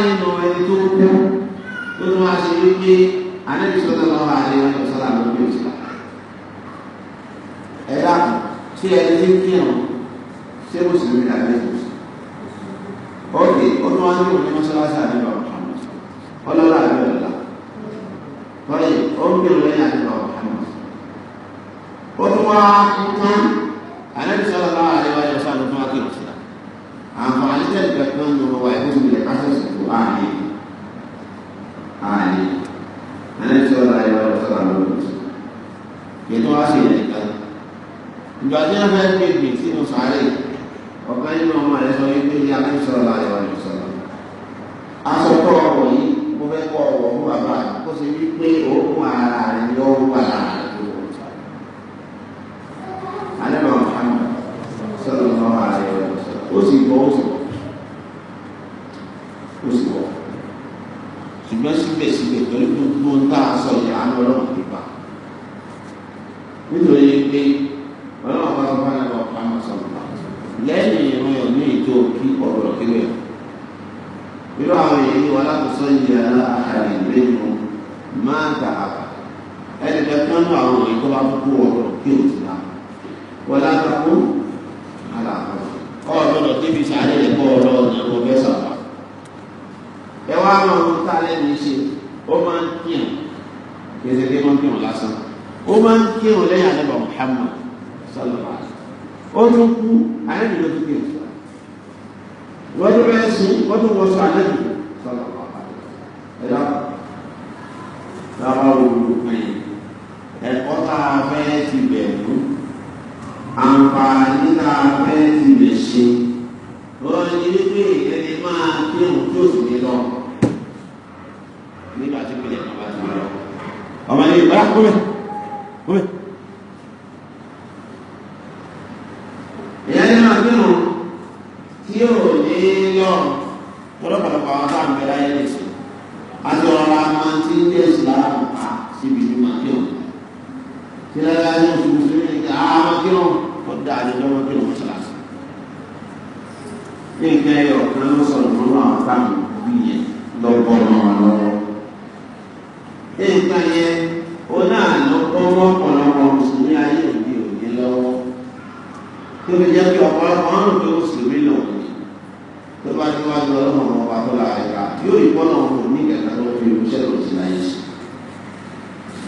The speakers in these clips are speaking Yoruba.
marido राजा भैर के बीच सारे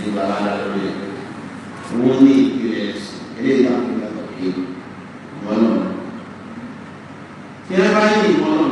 ní balada lórí ẹ̀ wọ́n ní ìpìlẹ̀ ẹ̀sìn eléyìí láti ń gbàgbọ́ pé wọ́n náà. tí wọ́n bá ní ìmọ̀ náà.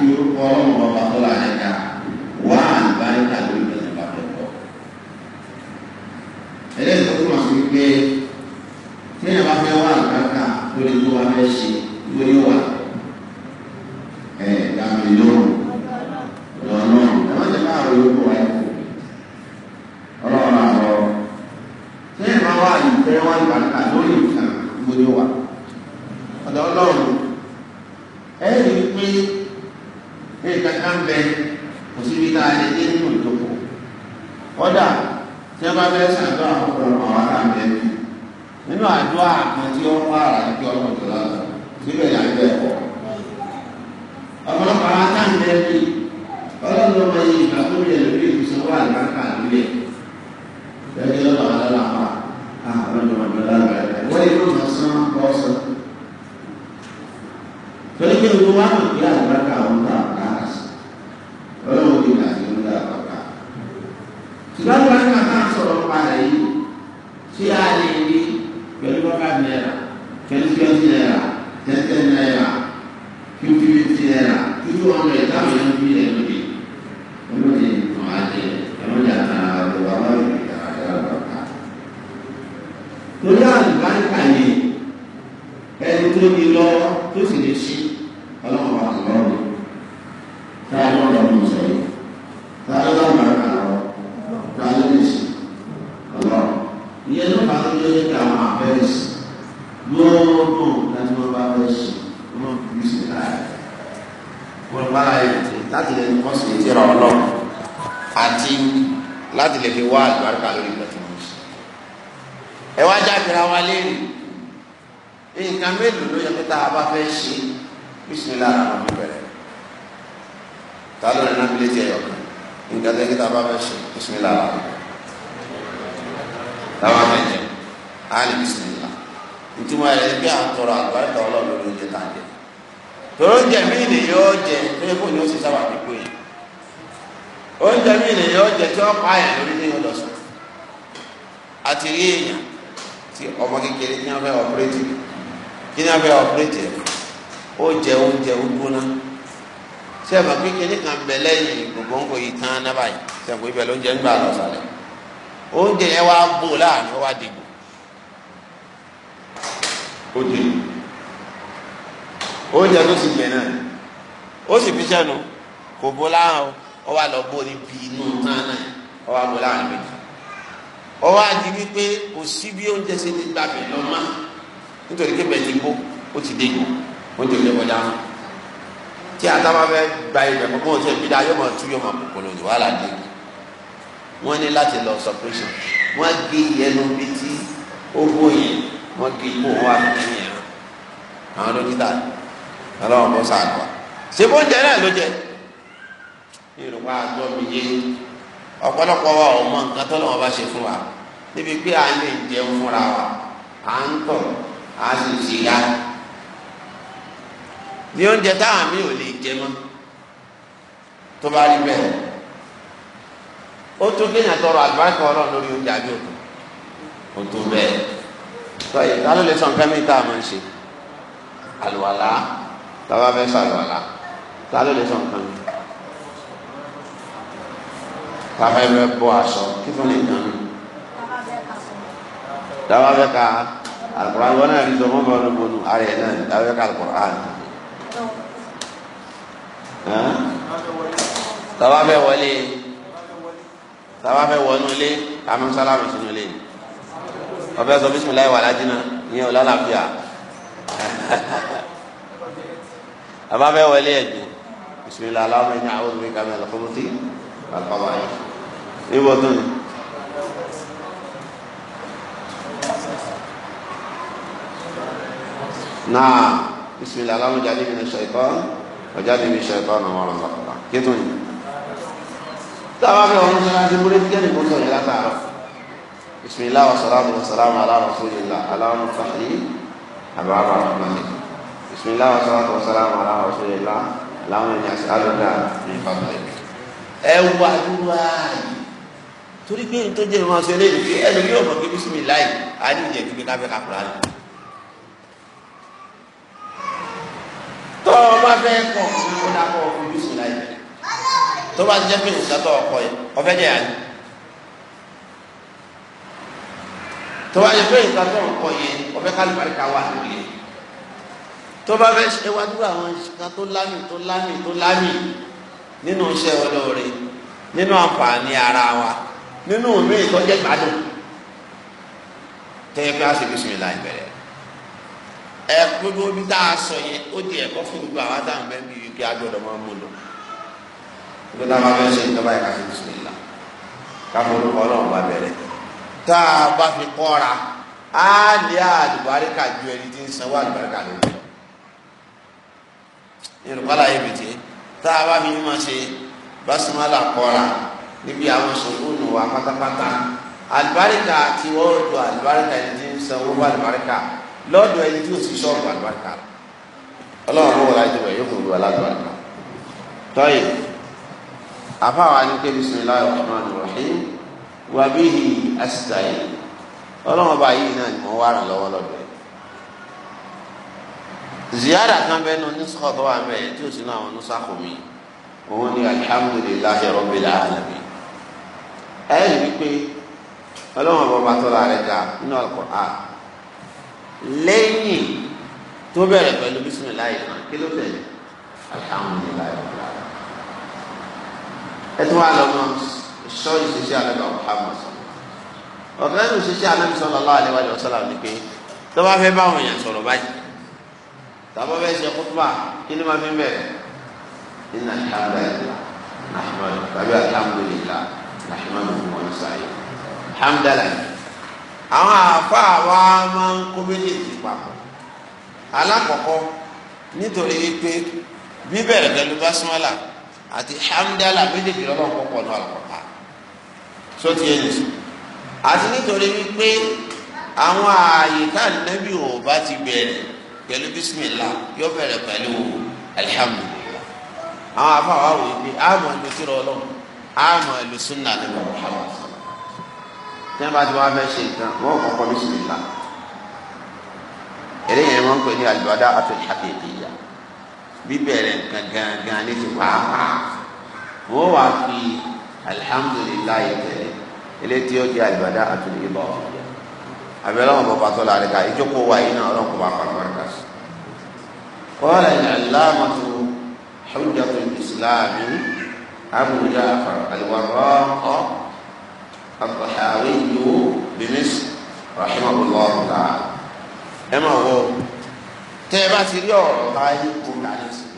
fi orúkọ ọlọ́run bàbá tó àti rí èèyàn tí ọmọ kékeré kí wọ́n fẹ́ ọ̀pẹ́rẹ́tì kí wọ́n fẹ́ ọ̀pẹ́rẹ́tì ó jẹ oúnjẹ ó gbóná tí ẹ bá kékeré kan bẹ lẹ́yìn gbogbo yìí tán náà báyìí tí ẹ kò ibẹ̀ lóúnjẹ ń gbà lọ́sàlẹ̀ oúnjẹ yẹn wá bò láàrin ó wá dìgbò ó dìgbò oúnjẹ tó sì gbẹ náà ó sì fi sẹ́nu kò bó láhàn ó wá lọ bó níbi inú tán náà ó wá bó láàrin méjì ọwọ́ àti wípé kò sí bí oúnjẹ ṣe ti gbà bẹ̀ lọ́mọ nítorí pé bẹ̀ẹ̀ ti bó ó ti dé yìí oúnjẹ ò lè kọjá fún tí àtàwọn fẹ́ gba ibẹ̀ kọ́kọ́ tí ìbí dáa yóò máa tú yóò máa bò kọ́lọ́ ní wàhálà dé wọ́n ní láti lọ sọpẹ́sìn wọ́n gé ìyẹnu bí tí ó bó yẹn wọ́n gé ipò wọn àtúnyẹ̀ yẹn àwọn dókítà ọlọ́run bọ́ sáà kọ́ ṣé bóúnjẹ náà ló jẹ ní ìrùpá àgbọ̀ mi yé ọ̀pọ̀lọpọ̀ wa ò mọ nǹkan tó lọ́wọ́ bá ṣe fún wa níbi pé à ń lè jẹun fúnra wa à ń tọ̀ à ń sì ṣe ya ní oúnjẹ táwọn mi ò lè jẹ mọ́ tó bá rí bẹ́ẹ̀ ó tún kéèyàn tọrọ àlùbáríkà ọlọ́run lórí oúnjẹ àbí òtún ó tún bẹ́ẹ̀ sọ yìí lè sọ mi tá a máa ń ṣe àlùwàlá tá bá fẹ́ sàlùwàlá ta lè sọ mi tàbá ẹbẹ bọ aṣọ kí tó lè kàn mí. tàbá bẹ ka alukur'an wọn náà rí sọ mọba olùmọnu ara ẹ náà tàbá bẹ ka alukur'an. tàbá bẹ wọlé tàbá bẹ wọnú ilé kàmú sálámù sínú ilé ọbẹ sọ bisimilayi wàlá jìnnà ìyẹn ò lálàáfíà àbá bẹ wọlé ẹgbẹ bisimilayi aláwọ ẹni àwọn olùmíkàmẹ lọkọmọtì alùpàwọ ayé èèwọ̀ tán ni. náà bisimilahi aláwọ̀ jáde mi ní ṣèkọ́ ọ̀jáde mi ṣèkọ́ ọ̀nà wọn lọ́kọ̀ ọ̀la kí tó yìí. táwa bẹ ọ̀run sọ́ra ti múlẹ̀ kíkẹ́ nìkan tó yẹ látàárọ̀ bisimilahi wa salamu wa salamu ala rasulillah aláwọ̀ fàáyé àbáwọ̀ rahmani bisimilahi wa salamu wa salamu ala rasulillah aláwọ̀ ẹ̀yà sí alùpàá ní ìfàgbà yìí. ẹ wá dúró torí pé ní tó jẹ́ ìmọ̀ ọ̀sẹ̀ lẹ́yìn pé ẹnu yóò mọ̀ pé bísímì láì á ní ìjẹ́ kí ká fẹ́ ká kúrò àlè. tó o bá fẹ́ kọ̀ ó dá kọ́ ọkọ̀ bísímì láì bẹ̀rẹ̀ tó bá jẹ́ pé nǹkan tó ọkọ̀ yẹn ọ̀fẹ́ jẹ́ àná. tó bá jẹ́ pé nǹkan tó ọkọ̀ yẹn ọ̀fẹ́ kálífàrí ká wà lórí yẹn. tó bá fẹ́ ṣe wájú àwọn nǹkan tó lámì tó lámì tó lámì nínú iṣẹ́ ọlọ́ọ̀rẹ́ nínú àǹfààní ara wa nínú mi ìtọ́jẹ́ gbádùn tẹ́yẹ pé a ṣe bísímìlá ìbẹ̀rẹ̀ ẹ gbogbo bí tá a sọ yẹn ó di ẹ̀kọ́ fún gbogbo àwọn táwọn bẹ́ẹ̀ bí wípé a gbọ́dọ̀ máa mú lò gbogbo táwọn bá fẹ́ ṣe ìjọba yẹn ká ṣe bísímìlá káfọ́ orúkọ náà wà bẹ̀rẹ̀ tá a bá fi kọ́ra á lé àlùbáríkà ju ẹni tí ń sanwó àlùbáríkà lórí lọ yorùbá láyé bìtì tá a bá fi máa ṣe básímọ́lá kọ́ra níbi àwọn sòkúnù wa pátápátá àlùbáríkà tí wọ́n ń lo àlùbáríkà ẹni tí ń san owó àlùbáríkà lọ́dọ̀ ẹni tí ó sì ṣọ́ọ̀bù àlùbáríkà ọlọ́run ló wọlé àjẹbẹ̀ yóò fún mi wà tọ́yì àfáwa ni pé bisimilayi rahman rahim wà bíhi asitayi ọlọ́run ọba yìí náà ni mo wá ràn lọ́wọ́ lọ́dọ̀ ẹ̀. ziyara kan bẹ́ẹ̀ ní onísọ̀tọ̀ wà mẹ́ẹ̀ tí ó sì ní àwọn onísàkómi òun ni alihamudulilayi rabbil alamin ẹ rí wípé ọlọ́run ọba ọba tọ́lá rẹ̀ ga nínú Al-Qur'an lẹ́yìn tó bẹ̀rẹ̀ pẹ̀lú bisimilayi náà kí ló tẹ̀lé alhamdulilayi ọ̀la ẹ tún wà lọ́mọ sọ ìṣiṣẹ́ alẹ́bà Muhammad ọ̀kan nínú ìṣiṣẹ́ alẹ́bà sallallahu alaihi wa sallam ni pé tó bá fẹ́ báwọn èèyàn sọ̀rọ̀ báyìí tàbá fẹ́ ṣe kútùbà kí ni máa fi ń bẹ̀rẹ̀ nínú alhamdulilayi tàbí alhamdulilayi làṣẹmọ́ mi fún wọn ní sáyé hamdalah àwọn àáfàá wa máa ń kó méjèèjì papọ̀ alákọ̀ọ́kọ́ nítorí wípé bíbẹ̀rẹ̀ pẹ̀lú basmala àti hamdalah méjèèjì lọ́lọ́run kọ́ pọ̀ ní àlùkọ́ta sọ́tì ẹ̀ nìyí àti nítorí wípé àwọn ààyè káàdínẹ́bí ò bá ti bẹ̀rẹ̀ pẹ̀lú bísímìlá yóò bẹ̀rẹ̀ pẹ̀lú alihamudulilayi àwọn afáwà wò wípé àmọ́ ẹni tó rọ ọlọ́run àmọ́ ẹ̀lú sunna ní Muhammad tí wọ́n bá ti wá fẹ́ ṣe nǹkan wọ́n kọ́kọ́ bí sùn nìkan eré yẹn wọ́n ń pè ní àlùbádá àtúntò àkèkéyà bíbẹ̀rẹ̀ nǹkan gangan ní ti pàápàá wọ́n wá fi alihamudulilayi tẹ̀lé eléyìí ó jẹ́ àlùbádá àtúntò ìbọ̀ àbẹ̀rẹ̀ wọn bọ̀ pàtó la rẹ̀ ìjókòó wa yìí náà ọlọ́kùn bá pàtó rẹ̀ kọ́lá ìlànà tó xújàtò ìsìlámù أبو جعفر الوراق الطحاوي بمصر رحمه الله تعالى ẹ máa wọ tẹ́ ẹ bá ti rí ọ̀rọ̀ láyé kó dání sí i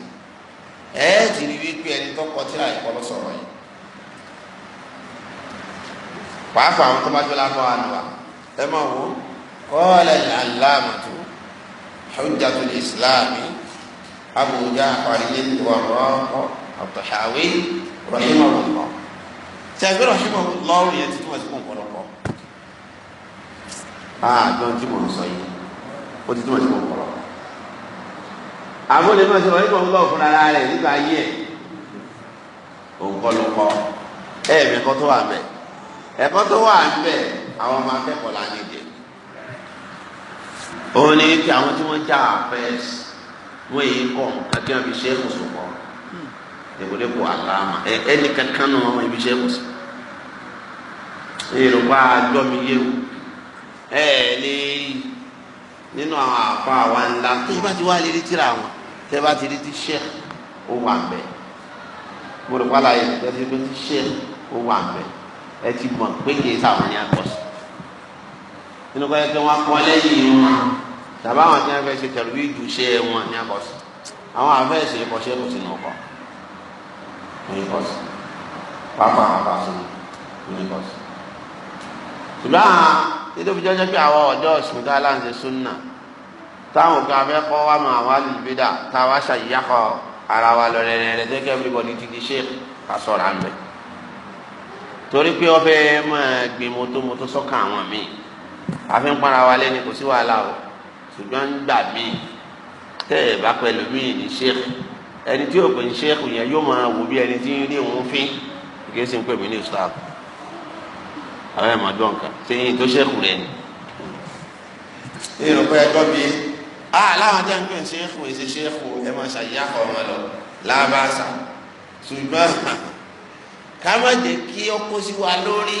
ẹ ti rí wípé ẹni tó kọ tí láì kọ lọ sọ̀rọ̀ yìí pàápàá àwọn tó bá jọ lábọ àlùwà ẹ máa wọ kọ́ọ̀lẹ̀ aláàmàtó hujjatul islami Abu Ja'far àpárí ní ìwà rọ̀hìmọ̀ lọ́wọ́ ṣe àgbẹ̀ rọ̀hìmọ̀ lọ́wọ́ yẹn ti túmọ̀ sí kó nkọ̀lọ́kọ̀ ah, àjọ tí mò ń sọ yìí ó ti túmọ̀ sí kó nkọ̀lọ́kọ̀ àwọn olè náà ṣe rọ̀hìmọ̀ lọ́wọ́ fúnra rẹ̀ nígbà ayé ẹ̀ ònkọ̀lọ́kọ̀ ẹ̀ẹ̀mẹ̀kọ́ tó wà bẹ́ẹ̀ ẹ̀kọ́ tó wà níbẹ̀ àwọn ọmọ akẹ́kọ̀ọ́ la ní jẹ òun ni kí àwọn tí wọ́n já àfẹ́ wọ́n èyí kọ́ nǹkan tí wọ́n fi ṣe é kùsùn kọ́ dèbòdèbò àtàmà ẹ ẹnì kankan nù ọmọ ibi iṣẹ́ kù sí yorùbá àjọmi yé o ẹ ẹ lè rí nínú àwọn àfa àwa ńlá tẹ bá ti wá lè rí tíra wọn tẹ bá ti rí ti ṣe ó wà mbẹ mo rò pàlà yẹn tẹ ti rí ti ṣe ó wà mbẹ ẹ ti mọ̀ pé kì sáwọn ní àkọsí nínú kọ́ yẹ kí wọ́n kọ́ lẹ́yìn wọn tàbá àwọn tí wọ́n fẹ́ ṣe tẹ̀lé bí ju ṣe wọn ní àkọsí àwọn àfẹ́ ṣe kọ́ ṣe sínú ọkọ̀. Lagos pápá àpàṣẹ Lagos. ṣùgbọ́n títí fi jẹ́jẹ́ pé àwọn ọ̀dọ́ ọ̀sùn dá láǹṣẹ súnà táwọn òkè afẹ́kọ́ wà mọ́ àwọn àlùbídà táwa ṣàyíyákọ̀ ara wa lọ rẹ̀rẹ̀rẹ̀ tẹ́kẹ́ everybody ti di sheikh kásọ̀rọ̀ àmì torí pé ọbẹ̀ máa gbin moto sọ́kàn àwọn míì àfi ń para wa lẹ́ni kò sí wàhálà o ṣùgbọ́n gbà míì tẹ́ ẹ̀ bá pẹ̀lú míì ní sheikh ẹni tí òpin ṣẹ́ẹ̀kù yẹn yóò máa wò bí ẹni tí ń rí òun fín kìí ṣe ń pè mí ní ustaz àwọn ẹ̀ máa dán nǹkan ṣé yín tó ṣẹ́ẹ̀kù rẹ ni. ìrùkọ́ ẹjọ́ bí aláwọn ajá ń pè ṣẹ́ẹ̀kù èsì ṣẹ́ẹ̀kù ẹ máa ṣàyíyàkọ̀ ọmọ lọ lábàṣà ṣùgbọ́n ká má jẹ́ kí ó kó sí wa lórí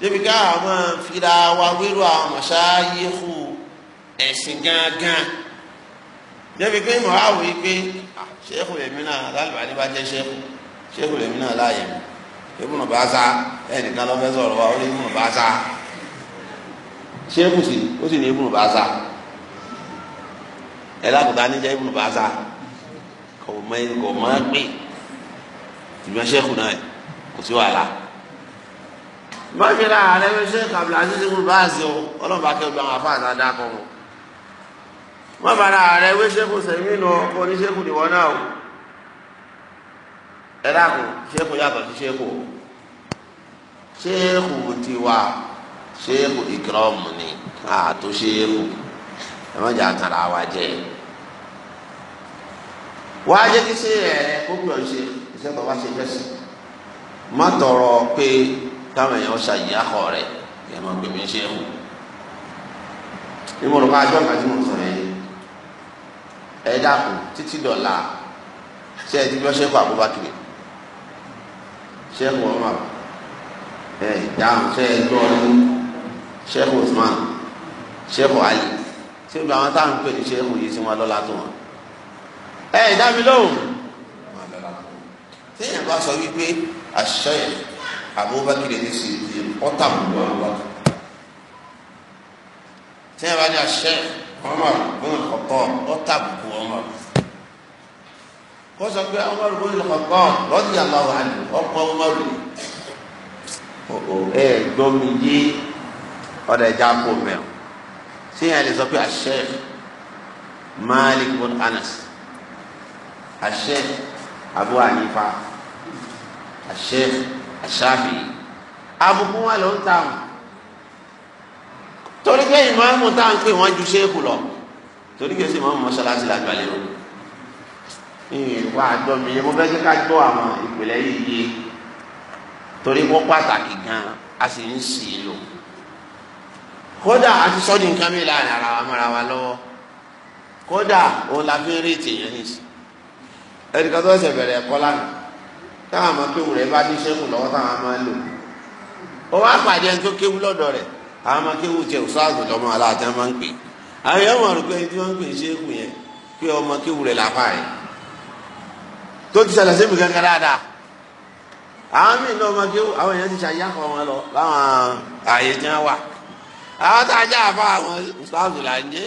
débi ká àwọn fira wa wérò àwọn mọ̀ṣáyéhù ẹ̀sìn gángan débi pé mọ̀ áwò yìí pé ṣéèkù lèmi náà lálùbáyé bá jẹ́ ṣéèkù ṣéèkù lèmi náà láàyè mi ìbùnà bá sá ẹnìkan lọ fẹ́ sọ̀rọ̀ wa ó ní ìbùnà bá sá ṣéèkù sì ó sì ní ìbùnà bá sá ẹ lákòótá níjẹ́ ìbùnà bá sá kò mọ kò mọ pé ìgbà ṣéèkù náà kò sí wàhálà mọ́ṣẹ́lá ààrẹ ṣéèkù Abdulaziz ìbùnà bá sí o ọlọ́run bá kẹ́ ọgbà wọn afáàdá dákọ̀ má bàrà ààrẹ wé ṣẹ́kùn sẹ́yìn nínú ọkọ oníṣẹ́kùn ìwọ náà o ẹ dákun ṣẹ́kùn yàtọ̀ sí ṣẹ́kùn o ṣẹ́kùn tiwa ṣẹ́kùn ìkírọ́mù ni àtò ṣẹ́kùn ẹ má jẹ́ àtàrà wa jẹ́ wàá jẹ́ kí ṣe ẹ̀ kó bí wọ́n ṣe iṣẹ́ tó bá ṣe fẹ́ sí má tọrọ pé táwọn èèyàn ṣàyíyá kọ rẹ̀ ẹ̀ máa gbèmí ṣẹ́kùn ìmọ̀ràn bá a jọ́ àgbàjúmọ̀ sọ̀rọ̀ yẹn ẹ títí dọ̀la ṣé ẹ ti ṣẹ́kù àbúbákiri ṣẹ́kù ọmọ ẹ dáhùn ṣé ẹ ọdún ṣẹ́kù Usman ṣẹ́kù Ali ṣé gbogbo àwọn táwọn ń pè ní ṣẹ́kù yìí sí wọn lọ́la tó wọn. ẹ dá mi lóhùn téèyàn bá sọ wípé àṣẹ àbúbákiri ní sí ọ̀tà gbogbo àwọn wákìlì tí bá ní aṣẹ Umar bin Khattab ó tàbùkù Umar kó sọ pé Umar bó lè kọ̀kọ́ lọ́dí aláwọ̀ àlù ọkọ̀ Umar o ẹ gbọ́ mi yé ọ̀dọ̀ ẹja kó mẹ́ọ̀ sí yẹn lè sọ pé Sheikh Malik bin Anas Sheikh Abu Hanifa Sheikh Shafi'i abùkún wa ló ń ta wọn torí pé ìmọ̀ àmọ̀ tá à ń pè wọ́n ju ṣéèkù lọ torí kí o sì máa ń mọ́ṣáláṣí làjọ àlẹ́ o ìwà àjọ mi yẹ mo fẹ́ kí ká gbọ́ àwọn ìpìlẹ̀ yìí yé torí wọ́n pàtàkì gan-an a sì ń sì í lò kódà a ti sọ́ni nǹkan mi láàrin ara wa mọ́ra wa lọ́wọ́ kódà òun la fi ń rí tèèyàn nìsí ẹnìkan tó ṣẹ̀ bẹ̀rẹ̀ ẹ̀kọ́ lánàá táwọn àmọ́ kéwù rẹ̀ bá ní sẹ́kù lọ́wọ́ táwọn máa ń lò ó wá pàdé ẹni tó kéwù lọ́dọ̀ rẹ̀ àwọn àmọ́ kéwù tiẹ̀ òṣùwàgùn lọ́mọ aláàtẹ́ máa ń pè é àwọn èèyàn mọ̀ rògbé tí wọ́n ń pè ṣéèkù yẹn pé ọmọ kéwù rẹ̀ làpá yẹn tó ti ṣẹlẹ̀ sẹ́mi kankan dáadáa àwọn míì ní ọmọ kéwù àwọn èèyàn ti ṣàyà kọ́ wọn lọ láwọn ààyè tí wọ́n wà àwọn tá a já àfa àwọn ṣáàzù là ń jẹ́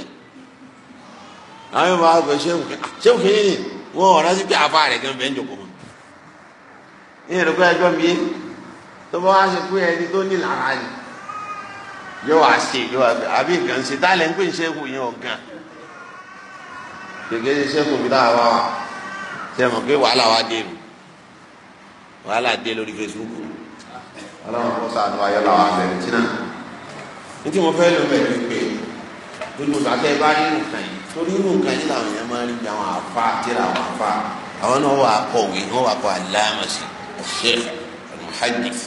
àwọn yóò máa gbé ṣéèkù ṣéèkù kìíní ah, ni wọn ò rántí pé àfa rẹ̀ gan bẹ́ẹ̀ ń jòkó ní ìrìnkú ẹjọ́ mi tó bá wá ṣe pé ẹni tó ní làrá ni yóò wá ṣe yóò àbí gan ṣe tá ń pè ń ṣẹ́kù yẹn ọ̀gàn gègé ṣe ṣẹ́kù mi láwa wá ṣe mọ̀ pé wàhálà wa dé mi wàhálà dé lórí Facebook ọlọ́run kó sànù ayọ́ làwọn abẹ́rẹ́ tí náà ní tí mo fẹ́ lò bẹ́ẹ̀ pé gbogbo gbàtẹ́ bá rí nǹkan yìí torí nǹkan yìí làwọn èèyàn máa ń rí àwọn àfa tíra àwọn àfa àwọn náà wà kọ̀wé wọ́n wà kọ́ aláàmọ̀sí ọ̀ṣẹ́ almuhaddith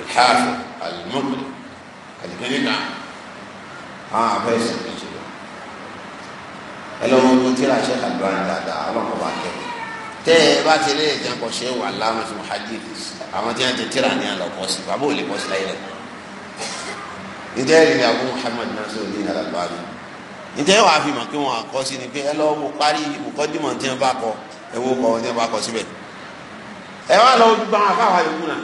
alhaafi alimọ́mọ́lẹ̀ àdìgbẹ́ni kan àwọn afẹ́sẹ̀ méjì lọ. ẹ lọ́mọ ogun tí aṣẹ́ àdúrà ní dáadáa ọlọ́kọ̀ bá kẹ́kọ̀ọ́ tẹ́ ẹ bá ti lé ìjànkọ̀ ṣe wà láwọn tí mo hadith àwọn tí wọ́n ti tíra ní àlọ́kọ̀ sí bàbá ò lè bọ́ sí láyé rẹ̀. ǹjẹ́ ẹ lè Abu Muhammad Nasiruddin Al-Albani ǹjẹ́ wàá fi mọ̀ kí wọ́n kọ́ ni pé ẹ lọ́wọ́ parí mùkọ́dìmọ̀ tí wọ́n bá kọ ẹ wọ́n kọ́ tí wọ́n bá kọ síbẹ̀ ẹ wá lọ́wọ́ gbàgbọ́ àfáwà yòókù náà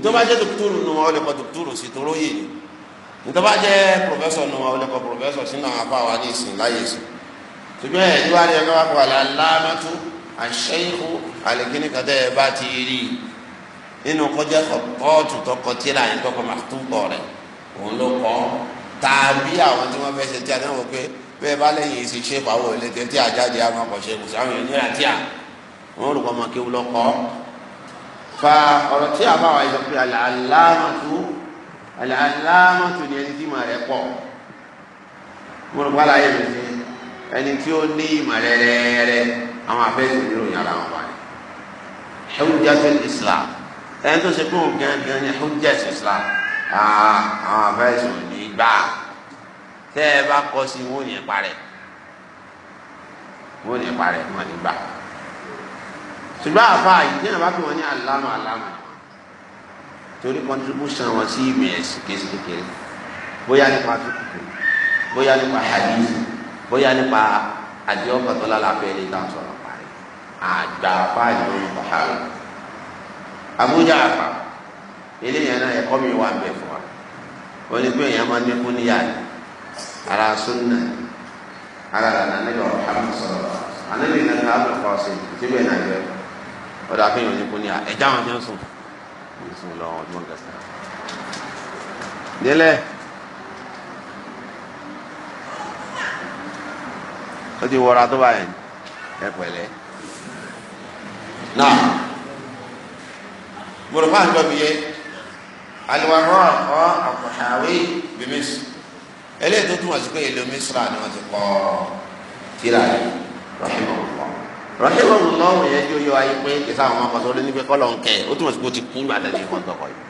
ntọ́ba jẹ́ dọ́kítọ́rù nù wọn ó lè kọ́ dọ́kítọ́rù sí tó lóye ni ntọ́ba jẹ́ pòfẹ́sọ̀ nù wọn ó lè kọ́ pòfẹ́sọ̀ sínú àwọn afáwa ní ìsìn láyé ìsìn ṣùgbọ́n ẹ̀ ní wàá rí ẹgbẹ́ wa kọ́ aláàmọ́tò àṣẹ́yìnkù àlẹ́kìnnìkan tẹ́ ẹ bá ti rí i nínú kọjá kọ́ọ̀tù tọkọ tíra yẹn tọkọ màtúbọ̀ rẹ̀ òun ló kọ́ tàbí àwọn tí wọ́n fẹ́ ṣe tí a náà wọ pé bẹ́ẹ̀ bá lẹ́yìn ìsìn ṣe pàwọ́ ilé tẹ́ tí àjáde àwọn ọkọ̀ ṣe kùsà àwọn ènìyàn tí fa ọ̀rọ̀ tí a bá wà yọ pé aláàmàtú aláàmàtú ni ẹni tí ìmọ̀ rẹ̀ pọ̀ mo rò wálá yẹ lóde ẹni tí ó ní ìmọ̀ rẹ̀ rẹ̀ àwọn afẹ́sẹ̀ ìròyìn ara wọn wà ní. hujjatul islam ẹni tó ṣe pé òun gangan ni hujjatul islam ah, àwọn afẹ́sẹ̀ ò ní gbà tẹ́ ẹ bá kọ́ sí wọ́n yẹn parẹ́ wọ́n yẹn parẹ́ wọ́n ní gbà ṣùgbọ́n àfáà yìí tí àbá pè wọ́n ní àlámà àlámà torí contribution wọn sí ìmọ̀ ẹ̀sìn kéésì kékeré bóyá nípa fíkùkù bóyá nípa hadith bóyá nípa àdéhùn tó lálàáfẹ́ ilé ìta sọ̀rọ̀ parí àgbà àfáà yìí lórí bàhárà Abuja àfà eléyàn náà ẹ̀kọ́ mi wà bẹ̀ fún wa wọ́n ní pé èèyàn máa ní kú níyà ni ara sunna ara lànà nígbà ọ̀hánà sọ̀rọ̀ àná lè nà ká àbẹ̀kọ́ ọ̀sẹ̀ tí bẹ́ẹ̀ náà yẹ kọ́ ọ̀dà akéèyàn ní kò ní ẹ̀já wọn ti ń sùn ní sùn lọ ọdún kẹsàn án. délẹ̀ ó ti wọra tó báyìí ẹ pẹ̀lẹ́ náà mo rò fún àgbà mi yẹ aliwaro akọ akọhawe bimis tó túmọ̀ sí pé ìlú misra ni wọ́n ti kọ́ tírà yìí rahimahullah rọ̀kìmọ̀ lọ́wọ́ yẹn jó yọ ayé pé kìsà àwọn ọmọ sọ lónìí pé kọ́lọ̀ ń kẹ́ ó túmọ̀ sí pé ó ti kú gbàdá ní ìfọ̀n tọkọ yìí.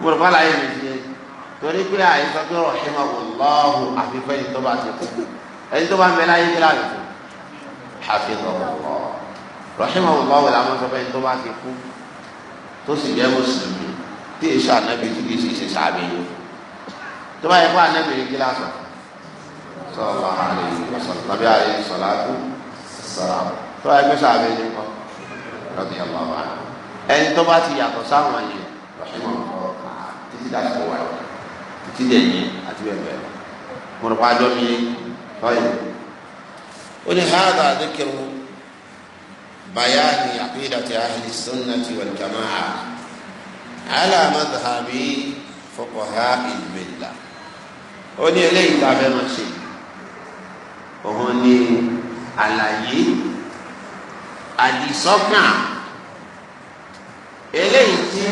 mo rò fọlá yẹn nìyí yẹn torí pé àyíká pé rọ̀kìmọ̀ lọ́wọ́ àfihàn ẹni tó bá ti kú ẹni tó bá ń bẹ láyé kí láàyè fún àfihàn lọ́wọ́ rọ̀kìmọ̀ lọ́wọ́ làwọn sọ pé tó bá ti kú tó sì jẹ́ mùsùlùmí tí èso sọ̀rọ̀ tó wáyé pé sàbẹ ní kọ lọdí ọlọ wa ẹni tó bá ti yàtọ̀ sáwọn yìí lọsùnmọ ọ títí dàsìkò wáyé títí dẹyìn àti bẹ́ẹ̀ bẹ́ẹ̀ mo rò pa àjọ mi báyìí ó ní hàdà àdékèrú bayani àkídàtì ahli sunnati wal jamaa ala madhhabi fuqaha al ó ní eléyìí tá a máa ṣe òun ní àlàyé àdìsọ́kàn eléyìí tí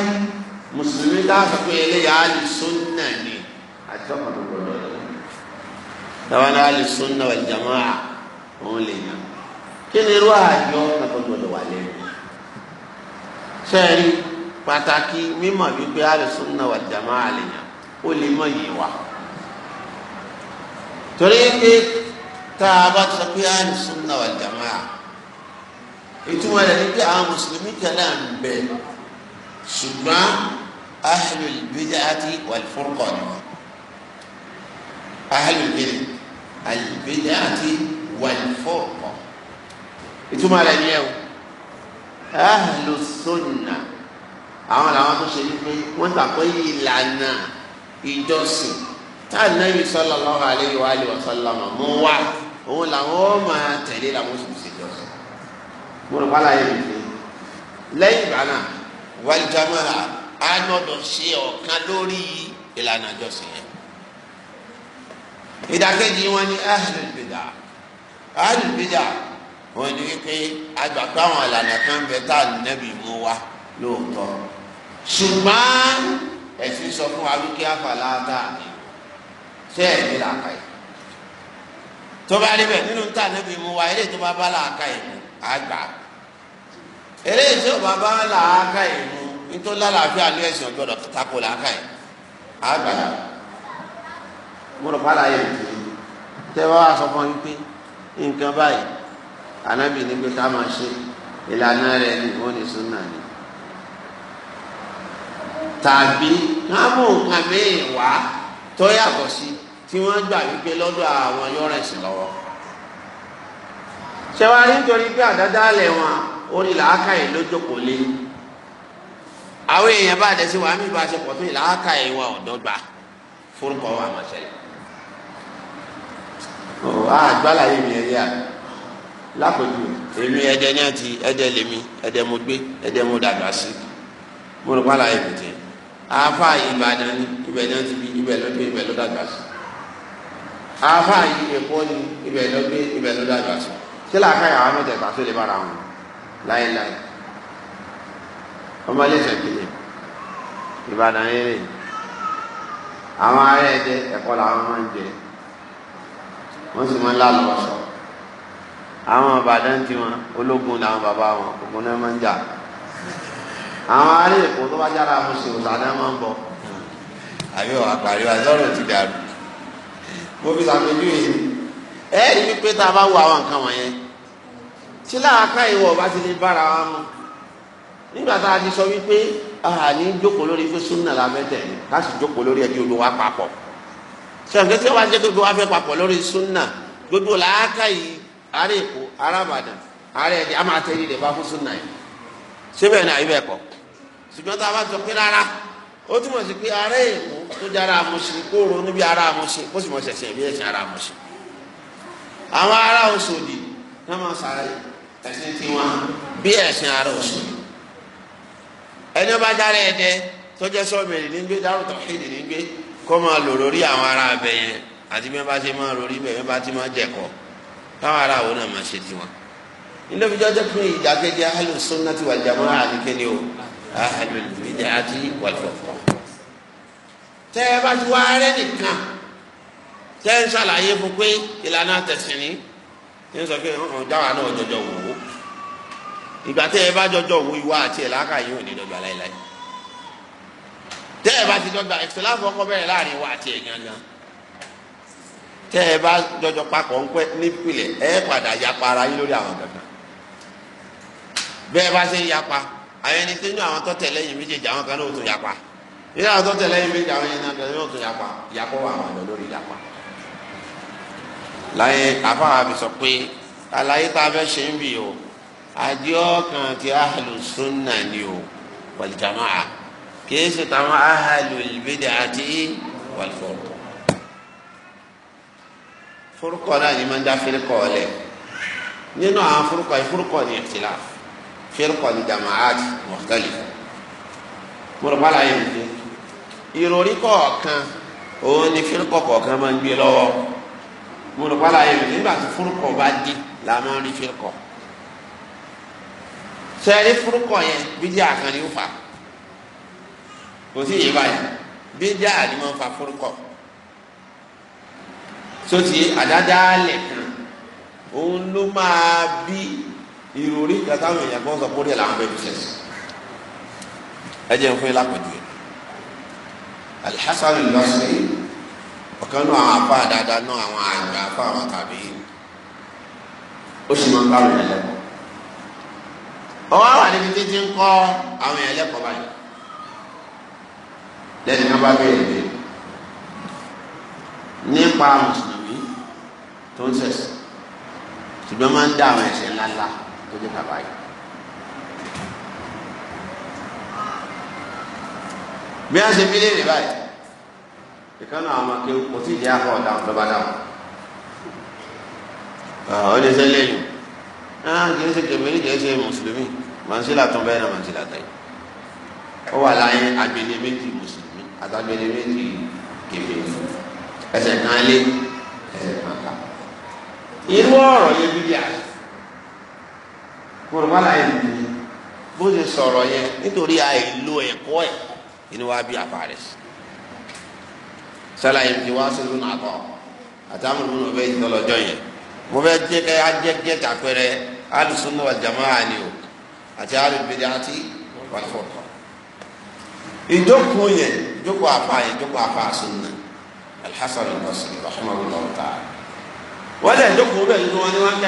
mùsùlùmí dáàbò pé eléyìí àlùsọ́nà ni àjọpọ̀ tó gbọdọ̀ lọ. táwọn àlùsọ́nà wal jamaa òun lè yàn kí ni irú àjọ tó gbọdọ̀ wà lẹ́nu. sẹ́ẹ̀rí pàtàkì mímọ̀ wípé àlùsọ́nà wal jamaa lè yàn ó lè mọ̀ yìí wá. torí pé tá a bá ti sọ pé àlù sunna wal jamaa ìtumọ̀ rẹ̀ ni pé àwọn mùsùlùmí kan náà ń bẹ ṣùgbọ́n ahlul bid'ati wal furqan ahlul bid'ati wal furqan ìtumọ̀ rẹ̀ ni ẹ̀ o ahlu sunna àwọn làwọn tó ṣe wípé wọ́n gbàgbọ́ ìlànà ìjọsìn táà náà yìí sallallahu alaihi wa alihi wa sallam mú wá òun làwọn máa tẹ̀lé làwọn sì ṣe jọ sọ mo rò pálá yẹn mi fi lẹ́yìn ìgbà náà wal jamaa á gbọ́dọ̀ ṣe ọ̀kan lórí ìlànà àjọsìn yẹn ìdákẹ́jì wọn ni ahlul bid'a ahlul bid'a wọn ni wípé àgbàpá àwọn ìlànà kan bẹ tá ànábì mú wa lóòótọ́ ṣùgbọ́n ẹ̀sìn sọ fún wa wípé àfàlà tá ṣé ẹ̀mí làkàyè tó bá rí bẹ́ẹ̀ nínú níta níbi mu wa eré tó bá bá làákà ìmú àgbà eré tó bá bá làákà ìmú nítorí lálàáfíà ló ẹ̀sìn ọ̀gbọ́dọ̀ tako làákà ìmú àgbà mo rò pàlà yẹn tó yìí tẹ́ wá sọ fún mi pé nǹkan báyìí ànábì ní pé ká máa ṣe ìlànà rẹ̀ ni wọ́n ní súnà ni tàbí ká mú nǹkan mìíràn wá tó yàtọ̀ sí i tí wọ́n gbà wípé lọ́dọ̀ àwọn yóò rẹ̀ sí lọ́wọ́ ṣẹwàá nítorí pé àdádálẹ̀ wọn orí làákàyè ló jókòó lé àwọn èèyàn bá dẹ̀ sí wàá mi bá ṣe pọ̀ tó ìlàákàyè wa ọ̀dọ́gba forúkọ wa máa ṣẹlẹ̀ àgbàláyé mi ẹ̀yà lápẹ̀jù èmi ẹ̀dẹ̀ ní àti ẹ̀dẹ̀ lèmi ẹ̀dẹ̀ mo gbé ẹ̀dẹ̀ mo dàgbà sí mo rò pàlàyé mi tẹ̀ àáfàá Ìbàdàn ni ibẹ̀ ní àti ibẹ̀ lọ́dún ibẹ̀ ló dàgbà sí afa yìí ẹ̀kọ́ ni ibẹ̀ ló gbé ibẹ̀ ló dàgbà sí kí làákà yà wà mẹ́tẹ̀ẹ̀ta tó lè bára wọn láéláé ọmọ ilé ìṣẹ̀kìlẹ̀ Ìbàdàn yẹn lè àwọn ará ẹ̀dẹ ẹ̀kọ́ làwọn máa ń jẹ wọ́n sì máa ń lálọ́ ọ̀ṣọ́ àwọn Ìbàdàn tí wọn ológun làwọn bàbá wọn ògùn náà máa ń jà àwọn ará Èkó tó bá jára mo ṣe òṣàdá máa ń bọ̀ àbí ọ̀ àpàrí wa lọ́rùn ti dàrú mo fi sàpèjúwe yìí ẹ ẹ ní pé tá a bá wo àwọn nǹkan wọ̀nyẹn tí láàká ìwọ bá ti lè bára wa mu nígbà tá a ti sọ wípé a ní jókòó lórí fún súnà lábẹ́tẹ̀ ká sì jókòó lórí ẹbí olùwà papọ̀ sọ̀rọ̀ tí wọ́n á jẹ́ pé wọ́n á fẹ́ papọ̀ lórí súnà gbogbo làákà yìí ará èkó ará àbàdàn ará ẹ̀dẹ̀ á máa tẹ́lẹ̀ lè bá fún súnà yìí síbẹ̀ ní àyíbẹ̀ kọ̀ ṣùgbọ́n tá a bá sọ pé rárá ó túmọ̀ sí pé ará èkó tó jẹ́ ara àmọ̀ṣe kó ronú bí ara àmọ̀ṣe kó sì mọ̀ ṣẹ̀ṣẹ̀ bí ẹ̀ṣẹ̀ ara àmọ̀ṣe àwọn ará Òṣòdì náà máa sáré ẹ̀sìn tiwọn bí ẹ̀sìn ará Òṣòdì ẹni ọba jára ẹ̀dẹ́ tó jẹ́ sọ́ọ̀mẹ̀rì ní gbé dárò tọ̀hídì kó máa lò lórí àwọn ará abẹ yẹn àti bí wọ́n bá ṣe máa lórí bẹ́ẹ̀ wọ́n bá ti máa jẹ̀kọ́ káwọn ará àwọn náà máa ṣe sunnati wal jamaa àdìkẹ́ni o ahlul tẹ́ ẹ bá ti wá rẹ́ nìkan tẹ́ ẹ ń ṣàlàyé fún pé ìlànà tẹ̀sìn ni ẹ ń sọ pé ọ̀hún dáwà náà jọjọ wò ó ìgbà tẹ́ ẹ bá jọjọ wò ìwà àti ẹ̀ láàkà yìí ò ní dọ́gba láéláé tẹ́ ẹ bá ti dọ́gba ìfìlàfọ ọkọ bẹ̀rẹ̀ láàrin ìwà àti ẹ̀ gangan tẹ́ ẹ bá jọjọ papọ̀ ń pẹ́ nípìnlẹ̀ ẹ padà yapa ara yín lórí àwọn gangan bẹ́ẹ̀ bá ṣe ń yapa àwọn àwọn tó tẹ̀lé méjèèjì àwọn kan náà ó tún yapa ilé àwọn tó tẹ̀lé yín méjì àwọn yẹn náà yóò tún yapa yapa wà wọn lọ lórí yapa. láyé àfáà fi sọ pé àlàyé tá a fẹ́ ṣe ń bì o àdìọ́kàn ti ahlu sunna ni o wal jamaa kìí ṣe táwọn ahlul bid'ati wal furqa. furqa náà ni máa ń dá furqa ọ̀lẹ̀ nínú àwọn furqa yìí furqa ni ikhtilaf furqa ni jamaat mukhtalifa mo rò bá láyé mi dé ìròrí kọ̀ọ̀kan òun ni fírkọ̀ kọ̀ọ̀kan máa ń gbé lọ́wọ́ mo rò pa láàyè nígbà tí fúrúkọ̀ bá dé la máa ń rí fírkọ̀ sẹ́ẹ̀rí fúrúkọ̀ yẹn bídíà kan ni ó fà kò sí ìyè báyìí bídíà ni wọ́n fa fúrúkọ̀ sóti àdádálẹ̀ kan òun ló máa bí ìròrí kàtàwọn èèyàn kan sọ pé ó dẹ̀ làwọn bẹ̀rù sẹ̀sì ẹ jẹ́ n fún yín lápẹ̀jù yẹn. Al-Hasan al-Basri ọ̀kan náà àwọn afá dáadáa náà àwọn àgbà afá àwọn tàbí ó sì máa ń bá àwọn èèyàn lẹ́kọ̀ọ́ ọwọ́ àwọn àdébí títí ń kọ́ àwọn èèyàn lẹ́kọ̀ọ́ báyìí lẹ́nu náà bá bẹ̀rẹ̀ bẹ́ẹ̀ nípa mùsùlùmí tó ń ṣẹ̀ṣẹ̀ ṣùgbọ́n máa ń dá àwọn ẹ̀ṣẹ̀ ńláńlá tó jẹ́ kàbáyé. bí wọ́n ṣe bí léèrè báyìí ìkànnà àwọn akéwù kò tí ì jẹ́ àpọ̀ ọ̀daràn tó bá dáhùn ọ̀ọ́dẹ́sẹ̀ lẹ́yìn náà kì í ṣe kèmérì kì í ṣe mùsùlùmí màsílà tó bẹ́ẹ̀ náà màsílà tẹ̀ ó wà láyé agbèlè méjì mùsùlùmí àtàgbèlè méjì kèmérì ẹsẹ̀ kan lé ẹsẹ̀ kan ká irú ọ̀rọ̀ yẹn bí díà kùrùmọ́lá yẹn bí bó ṣe sọ̀rọ̀ yẹn nítorí àìlò ẹ̀kọ́ ẹ̀ inú wa bí àbárẹ̀ sálàyé ti wá sínú nàbọ̀ àtàwọn ọmọ náà bẹ́ẹ̀ ìtọ́lọ́jọ́ yẹn mo fẹ́ jẹ́ kẹ́ ajẹ́gẹ́ tàpẹ́rẹ́ alùsùnú àjàmáà ni o àti alùbẹ̀dẹ̀ àti wàlúfọ̀kọ̀ ìjókòó yẹn ìjókòó afa yẹn ìjókòó afa sunna alhassan al-basri rahimahullah ta'ala wọ́n lẹ̀ ìjókòó bẹ́ẹ̀ nínú wọn ni wọ́n ń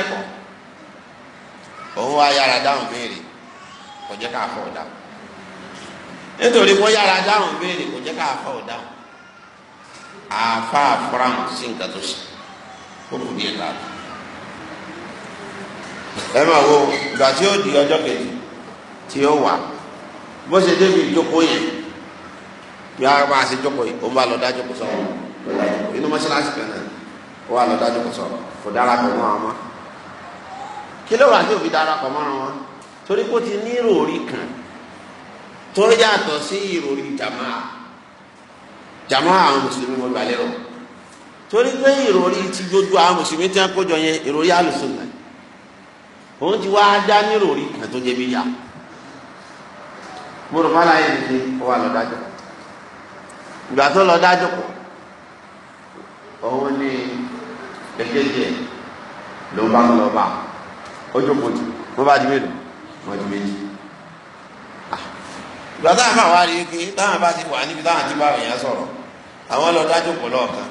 òun wá yára dáhùn béèrè kò jẹ́ ká fọ́ dáhùn nítorí wọ́n yára dáhùn béèrè kò jẹ́ ká àfa ò dáhùn àfa àfúráhùn sí nǹkan tó ṣe ó kù díẹ̀ káàtó. ẹ máa wo ìgbà tí ó di ọjọ́ kejì tí ó wà bó ṣe débi ìjókòó yẹn bí a máa ṣe jókòó yìí ó bá lọ dájú kó sọ̀rọ̀ inú mọ́ṣáláṣí kan náà ó wà lọ dájú kó sọ̀rọ̀ kò darapọ̀ mọ́ àwọn kí ló wà tí òfin darapọ̀ mọ́ àwọn torí kó ti ní ròrí kan tó yàtọ̀ sí ìròrí jàmáà jàmáà àwọn mùsùlùmí wọn gbà lérò torí pé ìròrí ti gbogbo àwọn mùsùlùmí tí wọn kójọ yẹn ìròrí àlùsùnà òun ti wá dá níròrí kan tó jẹ bíyà mo rò fọlá yẹn ní kí wà lọ dájọ ìgbà tó lọ dájọ pọ òun ní èkejì ẹ ló bá lọ bá ó jókòó bá di mélòó wọn di méjì ìgbà táwọn máa wá rí i pé táwọn bá ti wà níbi táwọn ti bá èèyàn sọ̀rọ̀ àwọn lọ dájú pọ̀ lọ́ọ̀kan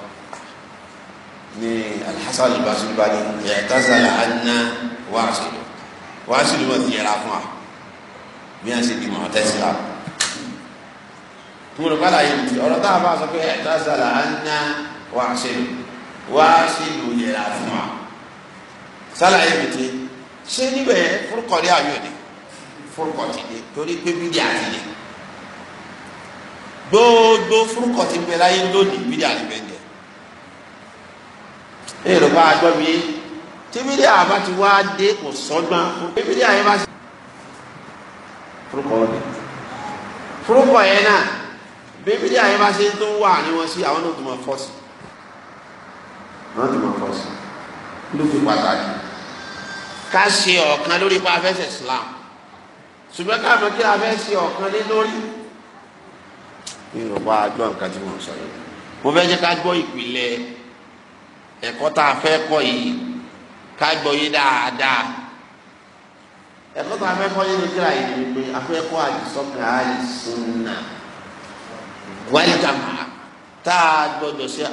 ní alhassan al-basri bá ní ìyàtàzàlà anna wàásìlú wàásìlú wọn ti yẹra fún wa bí wọn ṣe di mọ̀ tẹ́sílà mo rò pé àlàyé mi ti táwọn bá sọ pé ìyàtàzàlà anna wàásìlú wàásìlú yẹra fún wa sálàyé mi ti ṣé níbẹ̀ fúrúkọ̀ rí àyò fúrúkọ̀ ti dé torí pé bídíà ti dé gbogbo fúrúkọ ti bẹ láyé lónìí bídí àlebẹ ń jẹ èrò bá a gbọ́ mi yé tí bídí àbá ti wá dé kò sọ́gbọ́n fún bídí àyè bá ṣe fúrúkọ ọdẹ fúrúkọ yẹn náà bíbélì àyè bá ṣe tó wà ní wọn sí àwọn náà tó máa fọ́ sí tó máa fọ́ sí pàtàkì ká ṣe ọ̀kan lórí pa afẹ́sẹ̀ Islam ṣùgbọ́n ká mọ̀ kí afẹ́sẹ̀ ọ̀kan lé lórí. ní ìrọ̀pá àjọ nǹkan tí mo sọ yìí mo fẹ́ jẹ́ ká gbọ́ ìpìlẹ̀ ẹ̀kọ́ tá a fẹ́ kọ́ yìí ká gbọ́ yìí dáadáa ẹ̀kọ́ tá a fẹ́ kọ́ yìí ní kíra yìí pé a fẹ́ kọ́ wálé jàmà tá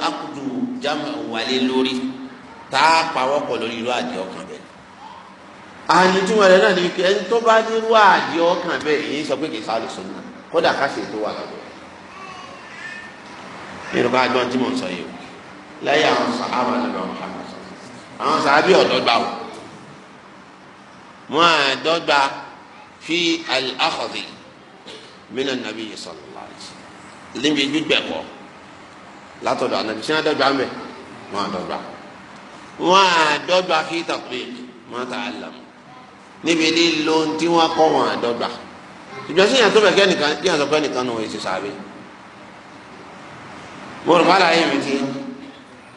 akudu jàmà wálé lórí tá a pawọ́ lórí irú kan bẹ́ẹ̀ àní tí wọn rẹ náà kan bẹ́ẹ̀ sọ pé kì í kódà yorùbá àgbọn tí mò ń sọ yìí o láyé àwọn sàhábà lọ́dọ̀ Muhammad sọ àwọn sàhábì ọ̀dọ́gba o wọn àdọ́gba fi al-akhdi mina nabi sallallahu alaihi wasallam níbi gbígbẹ̀kọ́ látọ̀dọ̀ ànábi sí àdọ́gba mẹ́ wọn àdọ́gba wọn àdọ́gba fi tatbiq ma ta'allamu níbi lílo tí wọn kọ́ wọn àdọ́gba ìjọsìn yàtọ̀ bẹ̀ kẹ́ nìkan kí yàtọ̀ bẹ̀ nìkan náà wọ́n ti sàbẹ̀ mo rò pálá yìí mi kí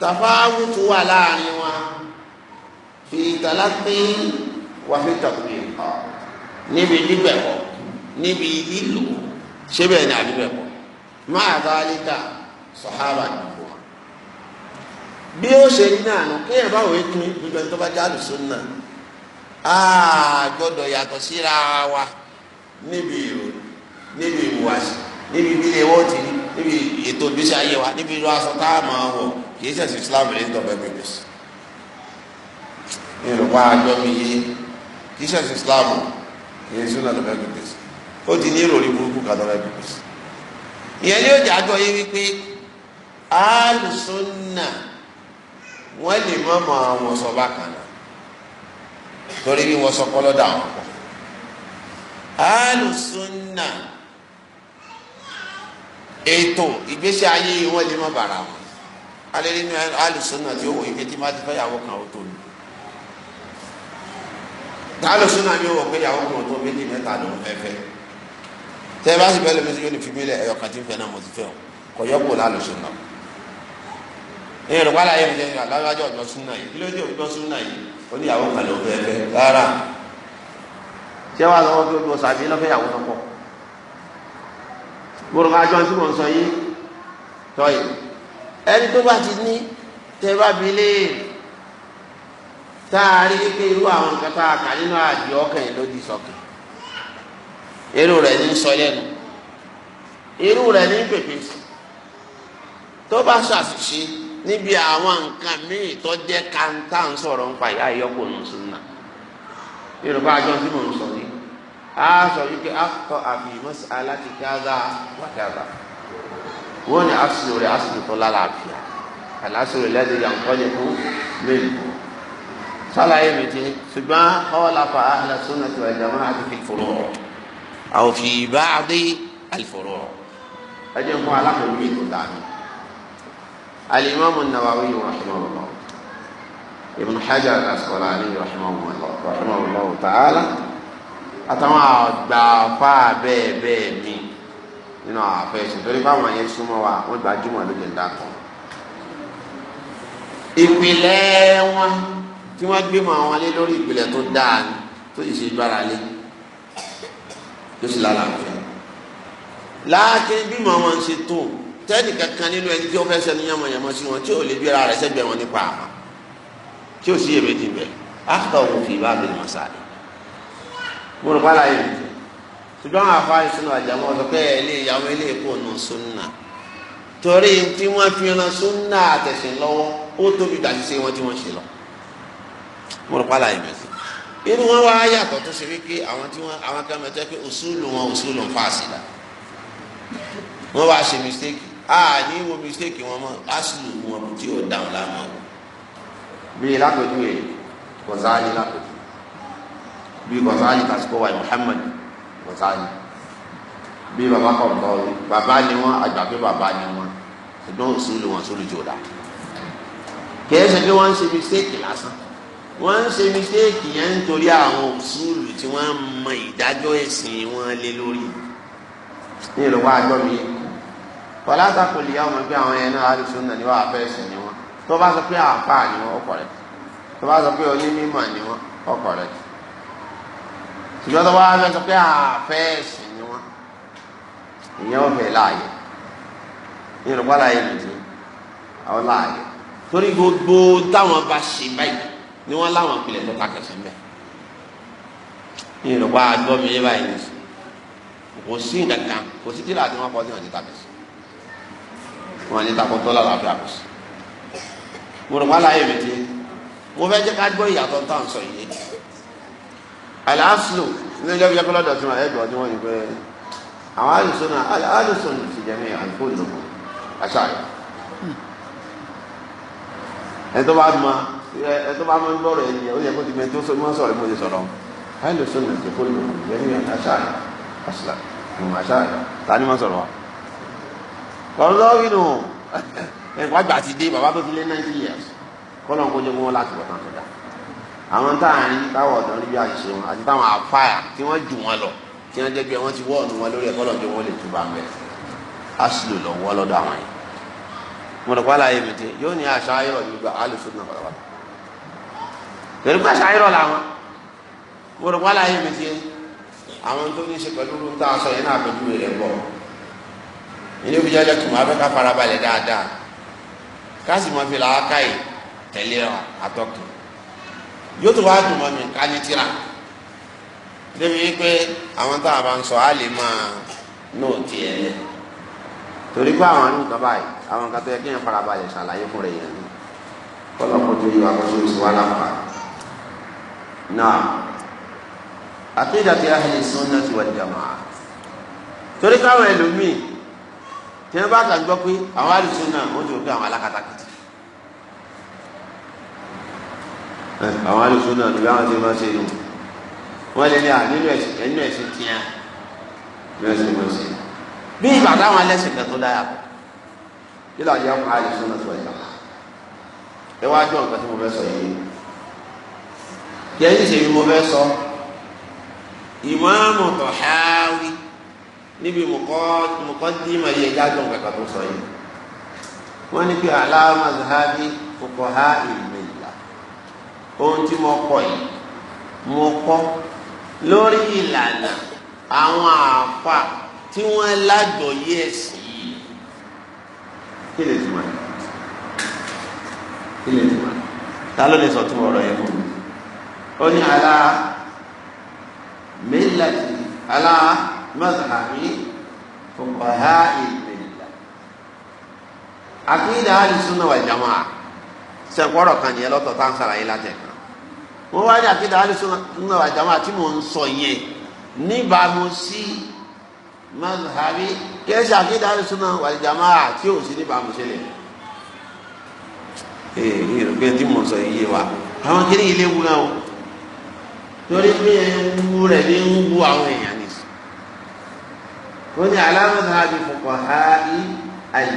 tàfáwùtù wà láàrin wa fi tàlápé wà fi tàbí ọ níbi nígbẹ̀kọ níbi lílo ṣé bẹ́ẹ̀ ni àdúgbẹ̀kọ máa bá a lè ta sọ̀hábà nìkú wa bí ó ṣe ní àná kéèyàn báwo é pin gbogbo ẹni tó bá já lùsùn náà á yàtọ̀ síra wa níbi ìròyìn níbi ìhùwàsí níbi ìbílẹ̀ wọ́ọ̀tì níbi níbi ètò ìgbésí ayé wa níbi irú aṣọ tá a máa wọ̀ kì í Islam rẹ̀ ń dọ̀bẹ̀ bẹ̀rẹ̀ sí i yorùbá àjọ mi yé kì í Islam kì í ṣẹ̀sìn dọ̀bẹ̀ bẹ̀rẹ̀ sí i ó ti ní ìròrí burúkú kan dọ̀bẹ̀ bẹ̀rẹ̀ sí i ìyẹn ni ó jẹ́ àjọ yé wípé alùsùnà wọ́n lè má mọ àwọn sọ bákan torí bí wọ́n sọ kọ́lọ́dà wọn pọ̀ alùsùnà ètò ìgbésí ayé wọn lè má bàrà wọn alẹ́ nínú alùsùnà tí ó wọ ibi tí má ti fẹ́ yàwó kan ó tó ní alùsùnà ni ó wọ pé yàwó kan ó tó méjì mẹ́ta ló ń fẹ́ fẹ́ tẹ́ ẹ bá sì fẹ́ lómi sí yóò ní fi mí lẹ̀ ẹ̀yọ̀ kan tí ń fẹ́ náà mo ti fẹ́ o kò yọ kó lálùsùnà èrò wàhálà yẹn jẹ́ alájọ ọjọ́ súnà yìí kílódé ọjọ́ súnà yìí ó ní ìyàwó kan ló fẹ́ fẹ́ rárá ṣé wàá lọ́wọ́ gbọ́dọ̀ ká jọ sí mò ń sọ yìí tọ́yì ẹni tó bá ti ní tẹ́rọ abilé tá a rí pé irú àwọn nǹkan tá a kà nínú àjọ ọkàn yìí ló di sọkàn irú rẹ̀ ní sọ lẹ́nu irú rẹ̀ ní pèpè tó bá ṣàṣìṣe níbi àwọn nǹkan míì tó jẹ́ káńtà ń sọ̀rọ̀ ń pa ìyá ìyọ́kùnrin sùn náà yorùbá àjọ sí mò ń sọ yìí a sọ wípé akọ àbí mas'ala ti káza wà káza wọn ni asùnù rẹ asùnù tó lálàáfíà àlásùnù lẹ́dí yankọ́lẹ̀kú mélòó sálàyé mi ti ṣùgbọ́n khalafa ahla sunnati wal jama'ati fi al-furu' aw fi ba'di al-furu' ẹjẹ fún alákòóbí tó dáa mi nawawi rahimahullah ibn Hajar al-Asqalani rahimahullah ta'ala àtàwọn àgbàfà bẹ́ẹ̀ bẹ́ẹ̀ mi nínú àwọn àfẹ́sìn torí báwọn yẹn súnmọ́ wa wọ́n gbajúmọ̀ ló lè dákọ̀. ìpìlẹ̀ wọn tí wọ́n gbé mọ́ àwọn lé lórí ìpìlẹ̀ tó dáa ni tó sì ṣe gbára lé tó sì lálàáfíà. láàkín bí mọ́ wọn ṣe tó tẹ́nì kankan nínú ẹni tí ó fẹ́ sẹ́ni yánmọ̀yánmọ́ sí wọn tí ò lè bí ara rẹ̀ sẹ́gbẹ̀ẹ́ wọn nípa àmọ́ tí ò sí èméjì bẹ́ẹ̀ á mo rò pàlàyé ṣùgbọ́n àwọn afárí sínú àjàmọ́ ọ̀sọ̀ pé ilé ìyàwó ilé ìpò nù súnà torí tí wọ́n fi ran súnà àtẹ̀sìn lọ́wọ́ ó tóbi dàtí ṣe wọ́n tí wọ́n ṣe lọ mo rò pàlàyé mẹ́sì inú wọn wá yàtọ̀ tó ṣe wípé àwọn tí wọn àwọn kan mẹ́tọ́ pé òṣùlù wọn òṣùlù ń fa àṣìlá wọn wá ṣe mistake àní wo mistake wọn mọ àṣìlù wọn tí ò dáhùn láàmú. bí lápẹjù yìí kò sáájú lápẹjù bí kọ̀sáyì tàṣíkò wáyé Muhammad kọ̀sáyì bí baba kọ̀ọ̀kan baba ni wọn àgbà pé baba ni wọn ṣùgbọ́n òṣèlú wọn sórí jòdà kìí ṣe pé wọ́n ń ṣe mistake lásán wọ́n ń ṣe mistake yẹn nítorí àwọn òṣèlú tí wọ́n ń mọ ìdájọ́ ẹ̀sìn wọn lé lórí ní ìlú wa àjọ mi kọlá àtàkùn lè yá ọmọ pé àwọn yẹn náà àdìsún náà ni wọ́n àfẹ́ ẹ̀sìn ni wọ́n tó bá sọ pé àáfàá ni wọ́n ọkọ̀ rẹ̀ tó bá sọ pé onímọ̀ ni wọ́n ọkọ̀ rẹ̀ ṣùgbọ́n tó bá wá fẹ́ sọ pé àfẹ́ ẹ̀sìn ni wọ́n ìyẹn wọ́n fẹ́ láàyè ní ìrọ̀pá láàyè nìyí àwọn láàyè torí gbogbo táwọn bá ṣe báyìí ni wọ́n láwọn ìpìlẹ̀ tó takẹ̀sẹ̀ mẹ́ ní ìrọ̀pá gbọ́mi yé báyìí nìyí kò sí nǹkan kò sí tíra àti wọn kọ́ sí wọn ti takẹ̀sẹ̀ wọn ti takọ̀ tó lálàáfíà kò sí mo rò wá láàyè mi ti mo fẹ́ jẹ́ ká gbọ́ ìyàtọ̀ táwọn sọ yìí aláṣùlù ní ọjọ́ ìjọba lọ́dọ̀ tí wọ́n ẹgbẹ́ ọdún wọn yìí pé àwọn alùsùn náà alùsùn ti jẹ́ ní àlùkò ìlúmọ̀ àṣàyà ẹni tó bá mọ ẹni tó bá mọ gbọ́rọ̀ ẹni ó yẹ kó ti gbẹ tó sọ mọ́ sọ̀rọ̀ mo ti sọ̀rọ̀ alùsùn náà ti kó ìlúmọ̀ jẹ́ ní àṣàyà àṣàyà àṣàyà tani mọ́ sọ̀rọ̀ wa kọ́ńtọ́ọ̀gì nù ẹ̀kọ́ àgbà ti dé bàbá tó ti lé 90 years kọ́ńtọ́ọ̀gì àwọn táàrin táwọn ọ̀dọ́ rí bí àṣìṣe wọn àti táwọn àfáà tí wọ́n jù wọn lọ tí wọ́n jẹ́ pé wọ́n ti wọ́ọ̀nù wọn lórí ẹ̀kọ́ lọ́jọ́ wọn lè túbà mẹ́ aṣìlò lọ wọ́ lọ́dọ̀ àwọn yìí mo rò pàlà yìí mìtì yóò ní aṣọ ayọ̀ nígbà alùsùn náà pátápátá pẹ̀lú pàṣẹ ayọ̀ làwọn mo rò pàlà yìí mìtì àwọn tó ní ṣe pẹ̀lú tá a sọ yẹn náà pẹ̀lú rẹ̀ bọ̀ ilé òbí jẹ́ kí wọ́n á fẹ́ ká farabalẹ̀ dáadáa ká sì mọ fi làákàyè tẹ̀lé àtọkùn yóò tó wá dùn mọ́ mi ká ní tíra débi wípé àwọn tá a bá ń sọ á lè máa nóò tiẹ̀ lẹ̀ torí pé àwọn nǹkan báyìí àwọn nǹkan tó yẹ kéèyàn farabalẹ̀ ṣàlàyé fún rẹ̀ yẹn kọ́lọ́kọ́ tó yẹ àkọsí oṣù wa láǹfààní náà àkéjàtì ahli sunnati wal jamaa torí káwọn ẹlòmíì tí wọn bá kà gbọ́ pé àwọn ahli sunna wọn ti rò pé àwọn alákatakìtì àwọn alùsùn náà níbi àwọn tí wọ́n ṣe nù wọ́n lè ní ànílò ẹ̀sìn ẹ̀nú ẹ̀sìn tíá ní ẹ̀sìn wọ́n ṣe bí ìgbà táwọn ẹlẹ́sìn kan tó dáyà pọ̀ kí lóò yẹ kó alùsùn náà sọ ìgbà ẹ wá jọ nǹkan tí mo fẹ́ sọ yìí kí ẹ̀yìn ṣe bí mo fẹ́ sọ ìmáàmù Tahawi níbi mùkọ́dìmà yẹ jájọ nǹkan kan tó sọ yìí wọ́n ní pé aláàmà zahabi fuqaha ìlú ohun tí mo kọ yìí mo kọ lórí ìlànà àwọn àáfà tí wọ́n lájọyé ẹ̀sìn yìí kí lè tún wà kí lè tún wà ta ló lè sọ tí mo rọ fún mi ó ní ala millati ala mazhabi fuqaha al-milla aqida al-sunna wal jamaa sẹkọrọ kan yẹn lọ́tọ̀ tá n sara yìí látẹkọ wọ́n wá ní àkídà alùsùnà àjàmà tí mò ń sọ yẹn níbàámu sí mazhabi kẹ́sì àkídà alùsùnà àjàmà tí ò sí níbàámu sílẹ̀ ee ìrògbé tí mò ń sọ yìí wa àwọn kiri ilé wu náà torí pé ewu rẹ̀ ní ń wu àwọn èèyàn ni ó ní alámọ̀tàbí fọkàn ha ní àyè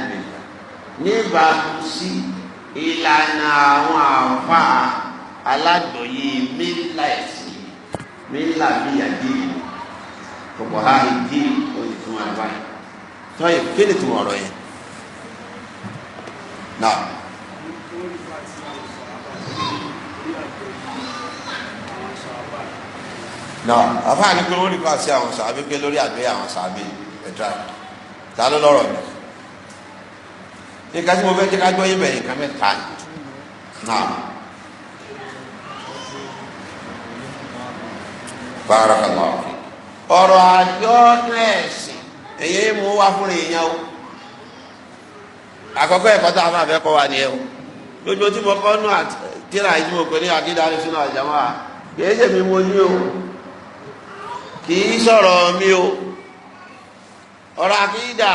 níbàámu sí ìlànà àwọn àǹfààní alágbọ̀yé mílà ẹ̀sìn mílà bíi àdéhùn kòkò ha ìdí òyìn fún àgbà yìí tọ́yì kí ni tún ọ̀rọ̀ yẹn náà. náà àfa ni pé wọ́n rí pàṣẹ àwọn sàbí pé lórí àgbẹ̀ àwọn sàbí ẹ̀dá ta ló lọ́rọ̀ mi ní ká tí mo fẹ́ jẹ́ ká gbọ́ yé bẹ̀yìn kan mẹ́ta náà. bárakàlá ọrọ àjọdún ẹ̀sìn èyí mú wá fún èèyàn o àkọ́kọ́ ẹ̀kọ́ tá a máa fẹ́ kọ́ wa o lójú tí mo nù àtìrà yìí mo pè ní akíndari sínú àjàmọ́ a kì mi mo ní o kì í mi o ọrọ akíndà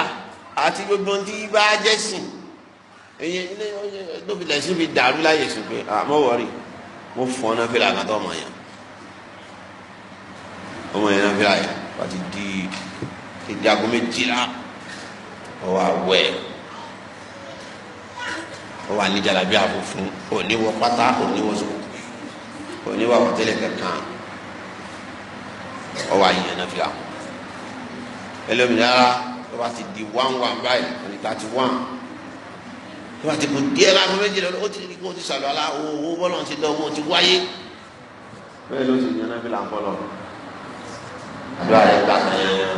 àti gbogbo tí bá jẹ́ sìn èyí lóbi lẹ́sìn fi dàrú láyè sùn pé mo ọmọ ọmọ yẹn náà fi àyè wà ti di ìdí aago méjìlá ọwọ́ àwẹ̀ ọwọ́ àníjàlábí àbò fún oníwọ pátá oníwọ sùn oníwọ àwọtẹlẹ kankan ọwọ́ àyè náà fi àwọ ẹlòmíràn ọba ti di one one báyìí òní thirty one ìwà tí kò díẹ̀ láti méjì lọ́dún ó ti ní kó ti sàlọ́ àlá owó bọ́lọ̀ ti dán owó ti wáyé. bẹ́ẹ̀ ló ti yànnà bí là ń bọ́ lọ àdúrà rẹ gbà kan yẹn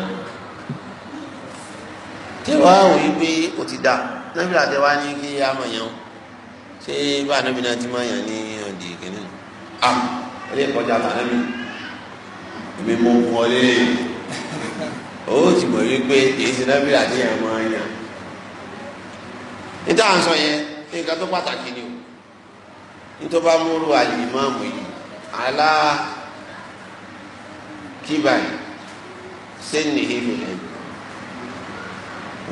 tí wàá wò yí pé o ti dà nàbí àti wàá ní kí a mọ̀ yẹn o ṣé bá nàbí náà ti mọ̀ yẹn ní ọ̀dì kìíní à ilé kọjá tànàbí èmi mo wọlé o ti mọ̀ yí pé èyí ti nàbí àti yẹn mọ̀ yẹn níta à ń sọ yẹn nǹkan tó pàtàkì ni o nítorí bá múru àlè ìmáàmù yìí alá kíbà yìí. سنه بالعلم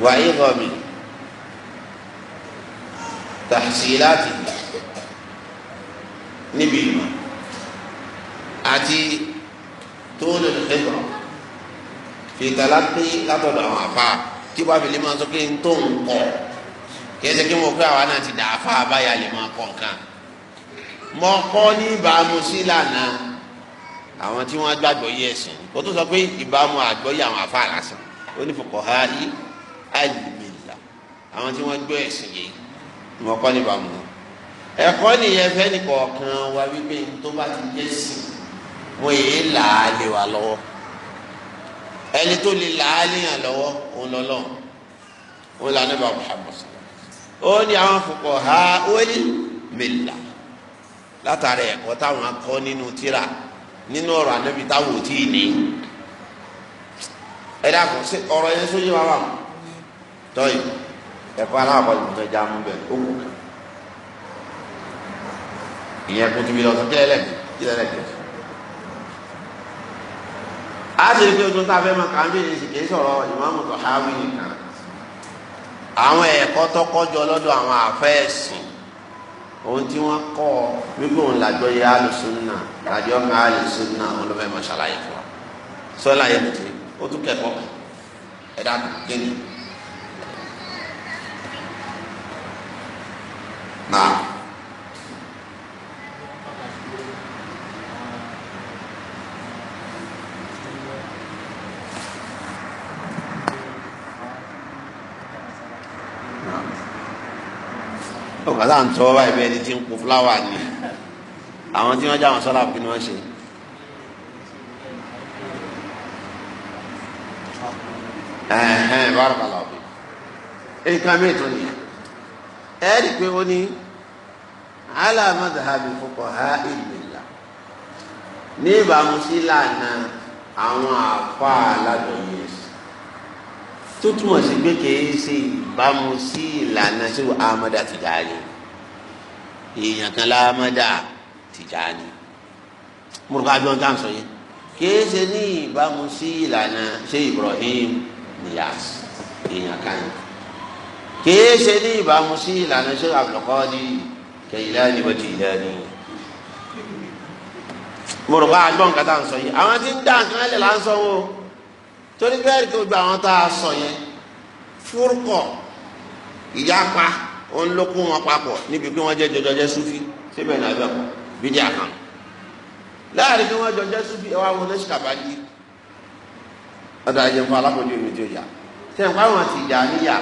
وعظم تحصيلاته níbi ìmọ̀ àti tóòlù ìgbà fìtàlá pé látọ̀dọ̀ àwọn àfa tí wàá fi lè máa sọ pé n tó ń kọ̀ kìí ṣe kí wọn pé àwa náà ti dà àfa àbáyà lè máa kọ̀ nǹkan mọ̀ kọ́ ní ìbámu sí lánàá àwọn tí wọ́n gbàgbọ́ yé ẹ̀sìn ó tún sọ pé ìbámu àgbọ́yé àwọn àfa lásán onífọ̀kọ̀ ha yí àlùmílà àwọn tí wọ́n gbọ́ ẹ̀sìn yìí ni wọ́n kọ́ níbàámu wọn. ẹ̀kọ́ nìyẹn fẹ́ni kọ̀ọ̀kan wa wípé tó bá ti yé sìn wọ́n yìí là á lé wa lọ́wọ́ ẹni tó lè là á léyàn lọ́wọ́ òun lọ́lọ́run òun là níbà Muhammad ó ní àwọn fọ̀kọ̀ ha ó ní mílà látàrí ẹ̀kọ́ táwọn akọ́ nínú tíra nínú ọ̀rọ̀ ànábì táwọn ò tí ì ní ẹ dàgbọ́ sí ọ̀rọ̀ yẹn sójú wa wà mọ́ tọ́yì ẹ̀kọ́ aláàbọ̀lù tó já mú bẹ́ẹ̀ ó kù bẹ́ẹ̀ ìyẹn kò tóbi lọ́sọ̀ kí ẹlẹ́gbẹ̀ẹ́ kí ẹlẹ́gbẹ̀ẹ́ a sì rí pé ojú tá a fẹ́ máa kà ń bí èsì kì sọ̀rọ̀ ìmáàmù tó nìkan àwọn ẹ̀kọ́ tọkọjọ lọ́dọ̀ àwọn àfẹ́ẹ̀sìn ohun tí wọ́n kọ́ wípé òun làjọ yẹ alùsùnà làjọ ọmọ alùsùnà olùfẹ́ mọ̀ ṣàlàyé fún wa sọ́lá yẹn ti o tún kẹ́kọ̀ọ́ ẹ̀dá kéde. bàtà ń tọ́ báyìí bẹ́ẹ̀ ni ti ń po fúláwà ni àwọn tí wọ́n já wọn sọ́lá kí ni wọ́n ṣe. bárakàlà òbí nǹkan mi tún ni ẹ rí i pé ó ní aláàmọ́dàbí fúkọ̀ ha ìlúlá ní ìbámu sí lànà àwọn àfa aládọ̀yẹ tó túmọ̀ sí pé kìí ṣe ìbámu sí ìlànà sí Ahmad Tijani èèyàn kan lámọ́dà Tìjàní múrùkà bí wọn ká ń sọ yẹn kìí ní ìbámu sí ìlànà ṣé Ibrahim Niyas èèyàn kan yẹn ní ìbámu sí ìlànà ṣé Abdulqadir Jailani bó ti yẹ ni múrùkà àgbọn kan tá à ń sọ yẹn àwọn tí ń dá nǹkan ẹlẹ́ là ń sọ wọn o torí bẹ́ẹ̀ kí o gba àwọn tá a sọ yẹn fúrúkọ ìyapa ó ń lókun wọn papọ̀ níbi pé wọ́n jẹ́ jọjọ jẹ́ sufi síbẹ̀ ní abẹ́ kọ́ bídíà kan láàrin pé wọ́n jọ jẹ́ sufi ẹ wá wọn lẹ́sìn kàbájí ọ̀dà ẹ̀jẹ̀ fún alákòjú mi tí ó yà sẹ́yìn fún àwọn tìjàníyà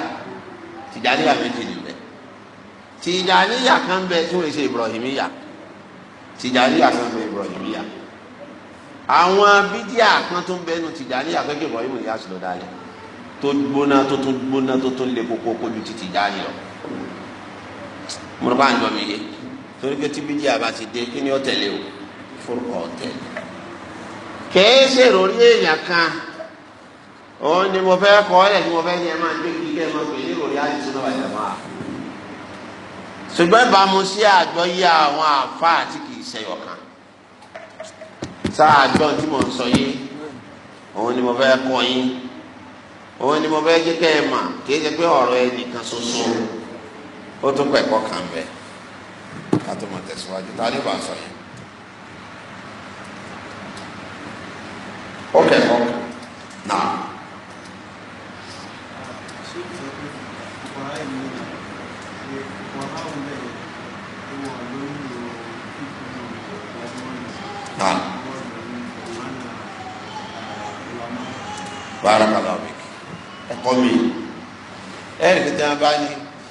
tìjàníyà méjì níbẹ̀ tìjàníyà kan bẹ tí wọ́n lè ṣe Ibrahimiya tìjàníyà kan bẹ Ibrahimiya àwọn bídíà kan tó ń bẹ nù tìjàníyà pé kí Ibrahim yà sùn lọ́dà yẹn tó gbóná tó tún gbóná tó tún lé kókó kójú ti tìjàníyà lọ mo rò pé à ń jọ mi yé torí pé tí bíjì àbá dé kí ni ó tẹ̀lé o forúkọ ọ̀tẹ̀ kèé ṣèrò orí èèyàn kan òun ni mo fẹ́ kọ́ ẹ̀ tí mo fẹ́ yẹ máa gbé kíkẹ́ máa pè ní ìròyìn àdìsúná wà jàmá ṣùgbọ́n ìbámu sí àjọyé àwọn àfa àti kì í ṣẹyọ̀ kan sáà gbọ́n tí mo ń sọ yé òun ni mo fẹ́ kọ́ yín òun ni mo fẹ́ kíkẹ́ ẹ̀ mà kì pé ọ̀rọ̀ ẹnìkan ṣoṣo ó tún pẹ̀ kọ́ kàn bẹ́ẹ̀ ká tó mọ̀ tẹ̀síwájú ta ni ó bá ń sọ yẹn. ó kẹ́kọ̀ọ́ náà. Nah. Barakallahu bik. Ẹ̀kọ́ mi. Ẹ̀rí tí a bá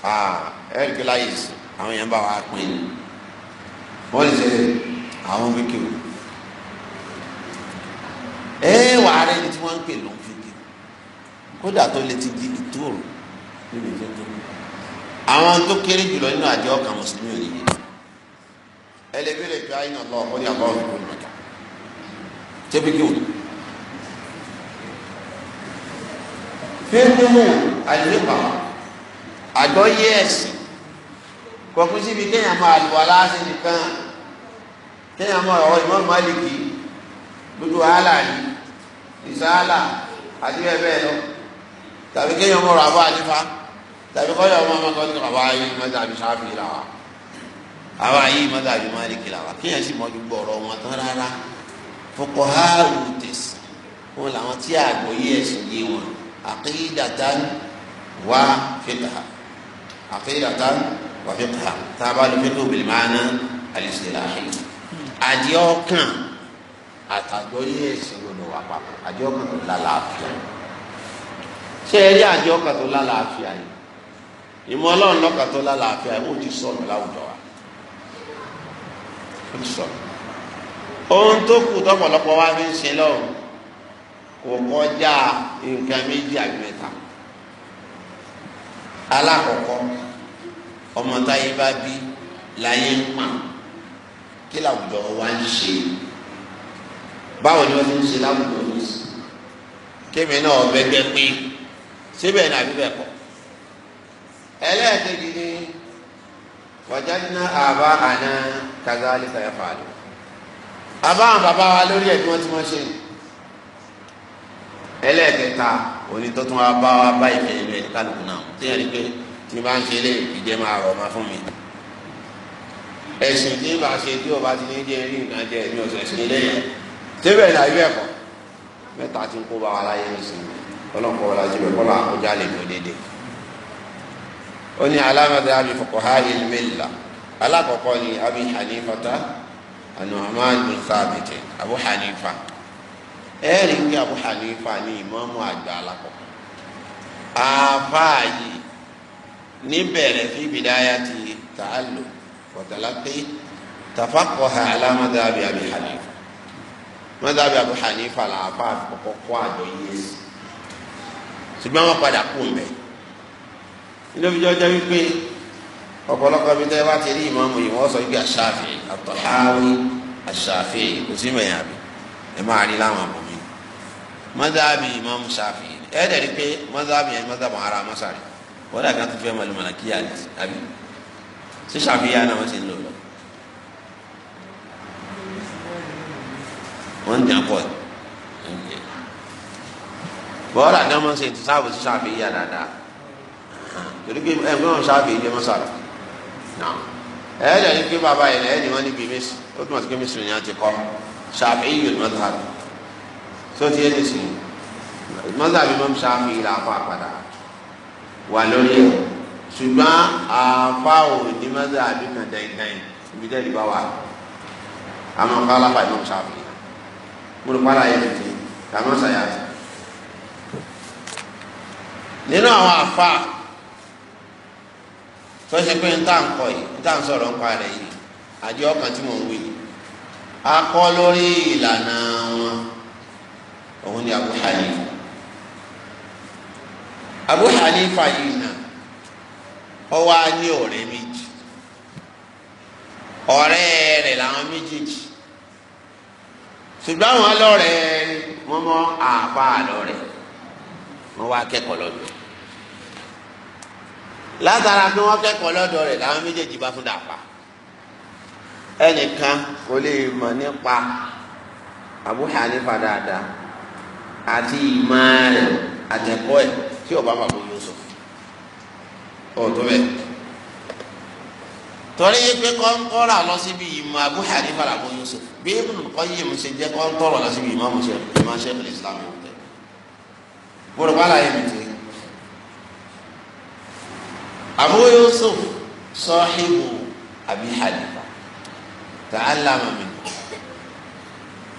Aa ẹ̀ẹ́dìkì láyé àwọn yẹn bá wa pín in wọ́n lè ṣe àwọn wíkì o ẹ wà á rẹ ẹni tí wọ́n ń pè ló ń fìkì kódà tó lè ti di ìtòrò níbi tó tó àwọn tó kéré jùlọ nínú àjọ ọkàn mùsùlùmí ò nìyí ẹlẹbílẹ tó ayé náà lọ ọkọ ní àbá òfin kò lọjà tẹbi kí o fífún mu àyè nípa àjọ yẹ ẹsìn kọ̀ọ̀kún síbi kéèyàn máa lù wá láàṣẹ nìkan kéèyàn máa ọ̀rọ̀ ìmọ̀ mọ́lìkì gbogbo wàhálà yìí ìsáàlà àti bẹ́ẹ̀ bẹ́ẹ̀ lọ tàbí kéèyàn mọ̀ ọ̀rọ̀ àbọ̀ àdífá tàbí kọ́yọ̀ ọmọ ọmọ kan àbá yìí mọ́tà sáfì là wá àbá yìí mọ́tà mọ́lìkì là wá kéèyàn sì mọ́jú gbọ́ wọn tán rárá fọkọ̀ háàrù tẹ̀sí wọn làwọn tí àgbọ̀yé ẹ̀sìn yé wọn àkéyídàtà wá fìlà àkéyídàtà wàfíkà tá a bá lè fi tóbi lìmánà alìsèláhì àdìẹ ọkàn àtàjọ yẹ ẹsìn gbọ́dọ̀ wà papọ̀ àdìẹ ọkàn tó lálàáfíà ṣé ẹ rí àdìẹ ọkàn tó lálàáfíà yìí ìmọ̀ ọlọ́run lọ́kàn tó lálàáfíà yìí ó ti sọnù láwùjọ wa ó ti sọnù ohun tó kù tọ́pọ̀lọpọ̀ wa fi ń ṣe lọ́rùn kò kọjá nǹkan méjì àbí mẹ́ta alákọ̀ọ́kọ́ ọmọ táyé bá bí láyé ń pa kí làwùjọ wa ń ṣe báwo ni wọ́n ti ń ṣe láwùjọ yìí sí kémi náà ọbẹ̀ pé síbẹ̀ ní àbíbẹ̀ kọ́ ẹlẹ́ẹ̀kejì ni wàjáde àbá àná kazali kàyàfà àlò àbá àwọn bàbá wa lórí ẹ̀ tí wọ́n ti wọ́n ṣe ẹlẹ́ẹ̀kẹta onítọ́tún wa bá wa bá ìfẹ́ ìlú kálukú náà tí ni pé. tí bá ń ṣe lé máa rọ̀ máa fún mi. ẹ̀sìn tí bá ṣe tí ti ní jẹ́ rí nǹkan jẹ́ ọ̀sẹ̀ ilé yẹn tẹ́bẹ̀ ní ayé ẹ̀kọ́ mẹ́ta ti ń kó bá wa láyé nísìn ọlọ́kọ̀ wọlé ajé bẹ̀ kọ́lá àkójá lè lò dédé. ó ní alámọ̀dé abi fuqaha'i al alákọ̀ọ́kọ́ ni abi hanifata abu hanifa abu hanifa àgbà níbẹ̀rẹ̀ fi bidayati ta'allum wa talaqqi tafaqquha ala madhabi Abi Hanifa madhabi Abi Hanifa làbá àkọ́kọ́ kọ́ àjọ yìí ṣùgbọ́n wọ́n padà kú mbẹ́ inú fi jọjọ wípé ọ̀pọ̀lọpọ̀ bí tẹ́ wá ti rí ìmáàmù yìí wọ́n sọ wípé àṣàfi àtọ̀háwí àṣàfi kò sí mẹ̀yàn àbí ẹ̀ máa rí láwọn àbòmí mọ́sáàbì ìmáàmù ṣàfi ẹ̀ dẹ̀ rí pé mọ́sáàbì yẹn mọ́sáàbì ara mọ́sáàrì wọ́n dà kan tó fẹ́ mọ̀lẹ́mọ̀lẹ́ kí yà àbí ṣé ṣàfihàn náà wọ́n ti ń lò lọ. wọ́n ń dàn pọ̀ bọ́ọ̀lù àti ọmọ ṣe ìtúsáàbò sí ṣàfihàn dáadáa torí pé ẹ̀ ń gbọ́n ṣàfihàn jẹ́ mọ́sàlá ẹ̀ ẹ́ dàní pé bàbá yẹn ẹ̀ ní wọ́n níbi mẹ́sì ó túmọ̀ sí pé mẹ́sì ni a ti kọ́ ṣàfihàn yìí mọ́tàlá tó ti ẹ̀ ní sìn mọ́tàlá mi mọ́ ṣàfihàn wà lórí ṣùgbọ́n àfa ò ní àbí kan ibi bá wà àmọ́ kọ́lá fà ìmọ̀ sáfì mo lè pàdé kàmọ́ nínú àwọn àfa tó ṣe pé nta yìí nta rẹ̀ yìí ọkàn tí mò ń wí akọ lórí ìlànà wọn òun ni Abu Hanifa yìí nà ọ wá ní ọ̀rẹ́ méjì ọ̀rẹ́ rẹ̀ làwọn méjèèjì ṣùgbọ́n àwọn ọlọ́rẹ́ wọn mọ àfa àlọ́rẹ́ wọn wá kẹ́kọ̀ọ́ lọ́dọ̀ látara pé wọ́n kẹ́kọ̀ọ́ lọ́dọ̀ rẹ̀ làwọn méjèèjì bá tún dà pa ẹnìkan kò lè mọ̀ nípa Abu Hanifa dáadáa àti ìmọ̀ rẹ̀ àtẹ̀kọ́ ẹ̀ tí ọba máa bọ Yusuf ọ̀tọ̀ bẹ́ẹ̀ torí pé kọ́ńtọ́rà lọ síbi ìmọ̀ Abu Hanifa là bọ Yusuf bí Ibn Qayyim ṣe jẹ́ kọ́ńtọ́rà lọ síbi ìmọ̀ àmúṣe ìmọ̀ àṣẹ Islam yóò tẹ̀ bọ́dọ̀ bá láyé mi tẹ̀ Abu Yusuf sahibu Abi Hanifa ta'allama min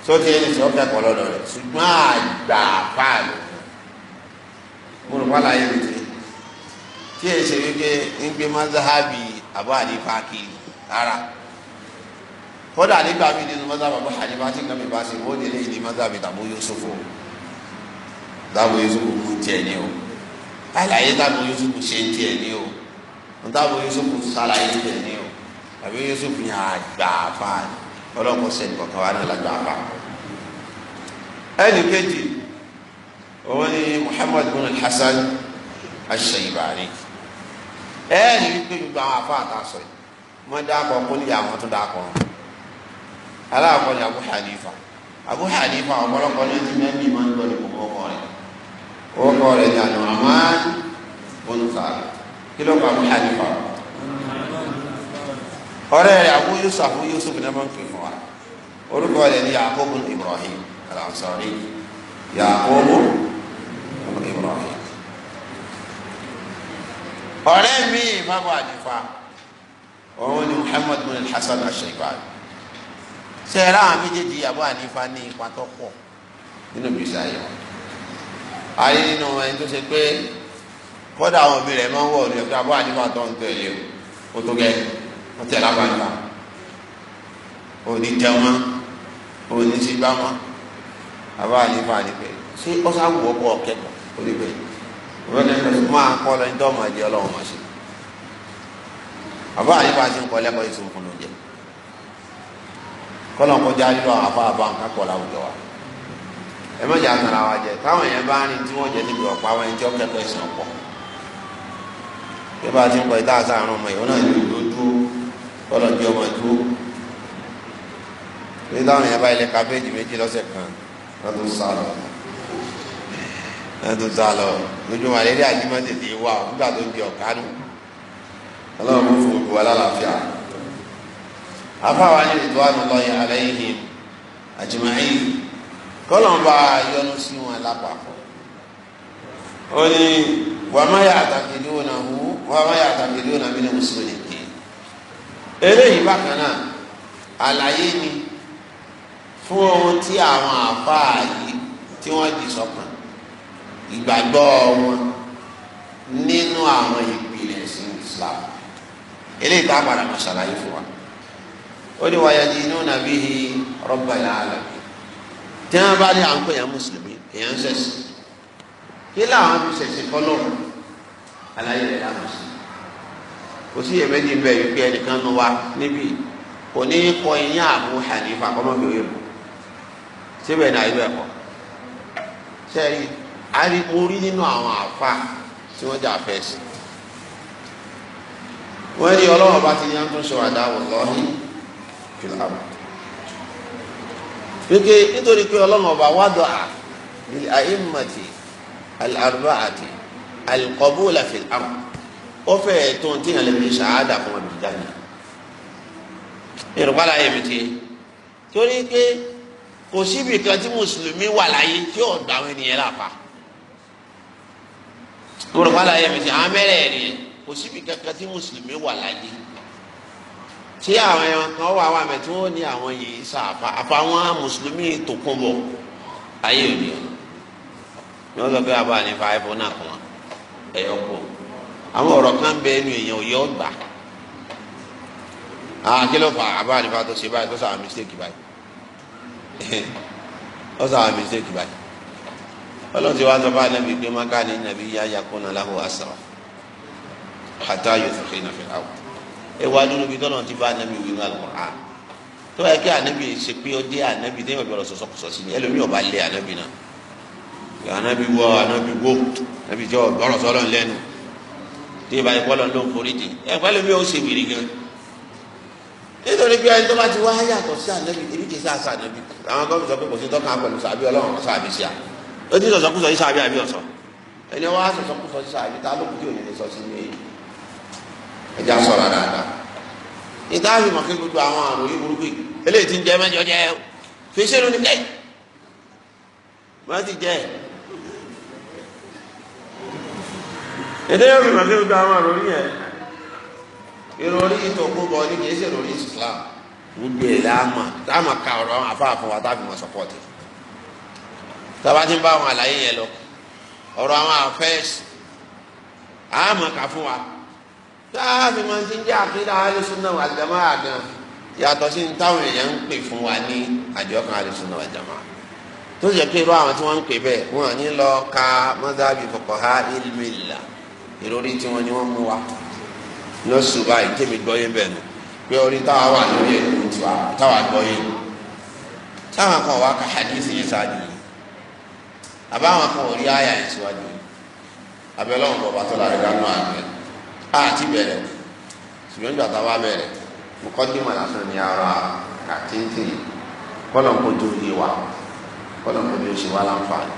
sọ́tì ẹni tí wọ́n kẹ́kọ̀ọ́ lọ́dọ̀ rẹ̀ ṣùgbọ́n àgbà pààlọ́ mọ̀rùpá láyé mi tẹ̀ tí ẹ ṣe wípé ń gbé mọ́sáhábì àbọ̀ àdìpá kiri rárá kódà nígbà mi nínú mọ́sáhábì àbọ̀ àdìpá tí nǹkan mi bá ṣe wọ́n délé ìdí mọ́sáhábì tàbí Yusufu tàbí Yusufu mú tiẹ̀ o Yusufu o Yusufu o Yusufu kejì. òun ni Muhammad bin Hasan Ash-Shaybani ẹ ẹ ní wípé gbogbo àwọn afọ àtàsọ yìí wọn dáàkọ kó ní àwọn tó dáàkọ aláàkọ ni Abu Hanifa Abu Hanifa ọ̀pọ̀lọpọ̀ ní ti mẹ́rin ìmọ̀ nígbà ní gbogbo ọkọ rẹ̀ ọkọ rẹ̀ ní àná Nu'man bin kí ló kọ Abu Hanifa ọ̀rẹ́ rẹ̀ Abu Yusuf Abu Yusuf ní ọmọ nkiri fún wa orúkọ rẹ̀ ní Yaqub Ibrahim Al-Ansari Ibrahim ọ̀rẹ́ mi ìmáàmù àdìfà òun ni Muhammad bin Hasan al-Shaybani ṣe ẹ̀rọ àwọn méjèèjì Abu Hanifa ní ipa tó pọ̀ nínú gbèsè ayé wọn ayé nínú ẹni tó ṣe pé kódà àwọn òbí rẹ̀ máa ń wọ̀ ní ọ̀gá Abu Hanifa tó ń tẹ̀lé o tó gẹ́ o tẹ̀ lábàjá o ní jẹ wọn o ní ṣe bá wọn Abu Hanifa ni pé ṣé ọ̀sán wọ̀ ọkọ̀ kẹ́kọ̀ọ́ oníbẹ̀ máa kọ́ lọ nítorí ọmọ ẹ̀jẹ̀ ọlọ́run máa ṣe àbá àyè bá ti ń kọ́ lẹ́kọ̀ọ́ ìṣòro fún oúnjẹ kọ́lọ̀ kọjá lílọ àbá àbá nǹkan kọ́ láwùjọ wa ẹ má jà tara wa jẹ táwọn èèyàn bá rìn tí wọ́n jẹ níbi ọ̀pá àwọn ẹjọ́ kẹ́kọ̀ọ́ ìsìn ọ̀pọ̀ bí bá ti ń kọ́ ìta àtàrùn ọmọ ìwọ náà yóò dúró kọ́lọ̀ jẹ́ ọmọ dúró náà tó lọ lójú malaria yìí má tètè nígbà tó di ala ọlọ́run mú fún olùwà lálàáfíà afáwa ní ìtọ́ ànúlọ́yìn aláìhìn àjùmáyé kọ́lọ́mbà yọnu sí wọn lápapọ̀ ó ní ní kì í eléyìí bákan náà àlàyé ni fún ohun tí àwọn yìí tí wọn di ìgbàgbọ́ wọn nínú àwọn ìpìlẹ̀ ẹ̀sìn Islam eléyìí tá a padà mọ̀ ṣàlàyé fún wa ó ní di inú nàbí rọ́bà ìlànà tí wọ́n bá ní à ń mùsùlùmí èèyàn a kí làwọn fi ṣẹ̀sìn fọlọ́ àlàyé rẹ̀ lánàá sí kò sí èmẹ́jì bẹ́ẹ̀ wípé ẹnìkan nu wa níbí kò ní kọ ìyá Abu Hanifa kọ́mọ́bí òye bò síbẹ̀ náà ibẹ̀ kọ́ ari mo rí nínú àwọn àfa tí wọ́n jà fẹ́ sí wọ́n ní ọlọ́wọ́ bá ti ní àtúntò ṣe wàdà wọ̀lọ́hìn kìláàbù pèké nítorí pé ọlọ́wọ́ bá wádọ̀ à bíi àìmọ̀tì àlàrúbà àti àlùkọ́bù làfẹ́ àwọn ó fẹ́ tó ń tíyàn lẹ́nu ṣáádà fún ọdún jáde ìrùpàdà yẹn mi ti torí pé kò síbi kan tí mùsùlùmí wà láyé tí ò dá àwọn ènìyàn lápá mo rò pálá yẹn mi sè àwọn mẹ́rẹ̀ẹ̀rin yẹn kò síbi kankan tí mùsùlùmí wà láyé tí àwọn ẹran kan wà wà mẹ tí wọn ní àwọn yìí sà àfa àfa àwọn mùsùlùmí tó kún bọ ayé òde ni wọn sọ pé àbá ní five oh náà kàn ẹyọ kù àwọn ọ̀rọ̀ kan bẹ ẹnu èèyàn ò yọ gbà àkìlọ̀ fà àbá ní five tó oh ṣe báyìí tó sọ mistake báyìí tó sọ mistake báyìí ọlọ́run ti wá sọ fún anabi pé má káàní nàbí yá yakuna lahu asra hatta yutkhina fil ard ẹ wá dúró bí tọ́lọ́run ti bá anabi wí ní al-Qur'an tó yẹ kí anabi ṣe pé ó dé anabi déyìn ọ̀bẹ̀rẹ̀ sọ̀sọ̀ kùsọ̀ sí ni ẹlòmíì ọba lé anabi náà anabi wọ anabi wọ anabi jọ ọ̀rọ̀ sọ̀rọ̀ lẹ́nu tí ìbá yẹ bọ́lọ̀ ló ń forí di ẹ pẹ́lú mi ò ṣe wìrì gan nítorí bí ẹni tó bá ti wá yàtọ̀ sí anabi ebi kì í sá sá anabi àwọn gómìnà sọ pé kò sí tọ́ka pẹ̀lú sàbí ọlọ́run sàbí sí àwọn ó ti sọ̀sọ́kùsọ yìí sàbí àbí ọ̀sọ́ ẹni wọ́n á sọ̀sọ́kùsọ yìí sàbí tá ló kù tí ò sọ sí ní èyí ẹja sọ̀rọ̀ dáadáa ìdáhùn mọ̀kí gbogbo àwọn àrùn yìí burúkú yìí ti ń jẹ mẹ́jọ jẹ fèsì lónìí kẹ́yì wọ́n ti jẹ́ ẹ̀. èdè yóò fi màkì gba àwọn àròrí yẹn ìròrí ìtòkú bọ ní kìí ṣe ìròrí Islam gbogbo ẹ̀ láàmà láàmà ka ọ̀rọ̀ àwọn afáàfọ̀ wa táàbì wọn sọpọ́ọ̀tì tọ́ba ti ń bá àwọn àlàyé yẹn lọ ọ̀rọ̀ àwọn àfẹ́sì àmọ̀ká fún wa sáàfin máa ti ń jẹ́ àkídà alẹ́sùnà àjàmá àgàn yàtọ̀ sí ní táwọn èèyàn ń pè fún wa ní àjọkàn alẹ́sùnà àjàmá tó sì jẹ́ pé irú àwọn tí wọ́n ń pè bẹ́ẹ̀ wọ́n ní lọ ka mọ́sáàbì fuqaha ilmìlá ìròrí tí wọ́n ní wọ́n mú wa lọ́sùn báyìí tèmi gbọ́yé bẹ́ẹ̀ nù pé orí táwa wà lórí ẹ̀ táwa gbọ́yé táwa kan wá ka hadith yìí sáájú àbáwọn kan ò rí àyà yẹn síwájú abẹ́lẹ́ ọ̀hún bọ̀bá tó lára dánú àgbẹ̀ àti bẹ̀rẹ̀ ṣùgbọ́n ìgbà tá a bá bẹ̀rẹ̀ mo kọ́ dé màlásán ní ara kàtíntì kọ́lọ̀ ń kojú yé wa kọ́lọ̀ ń kojú ṣe wá láǹfààní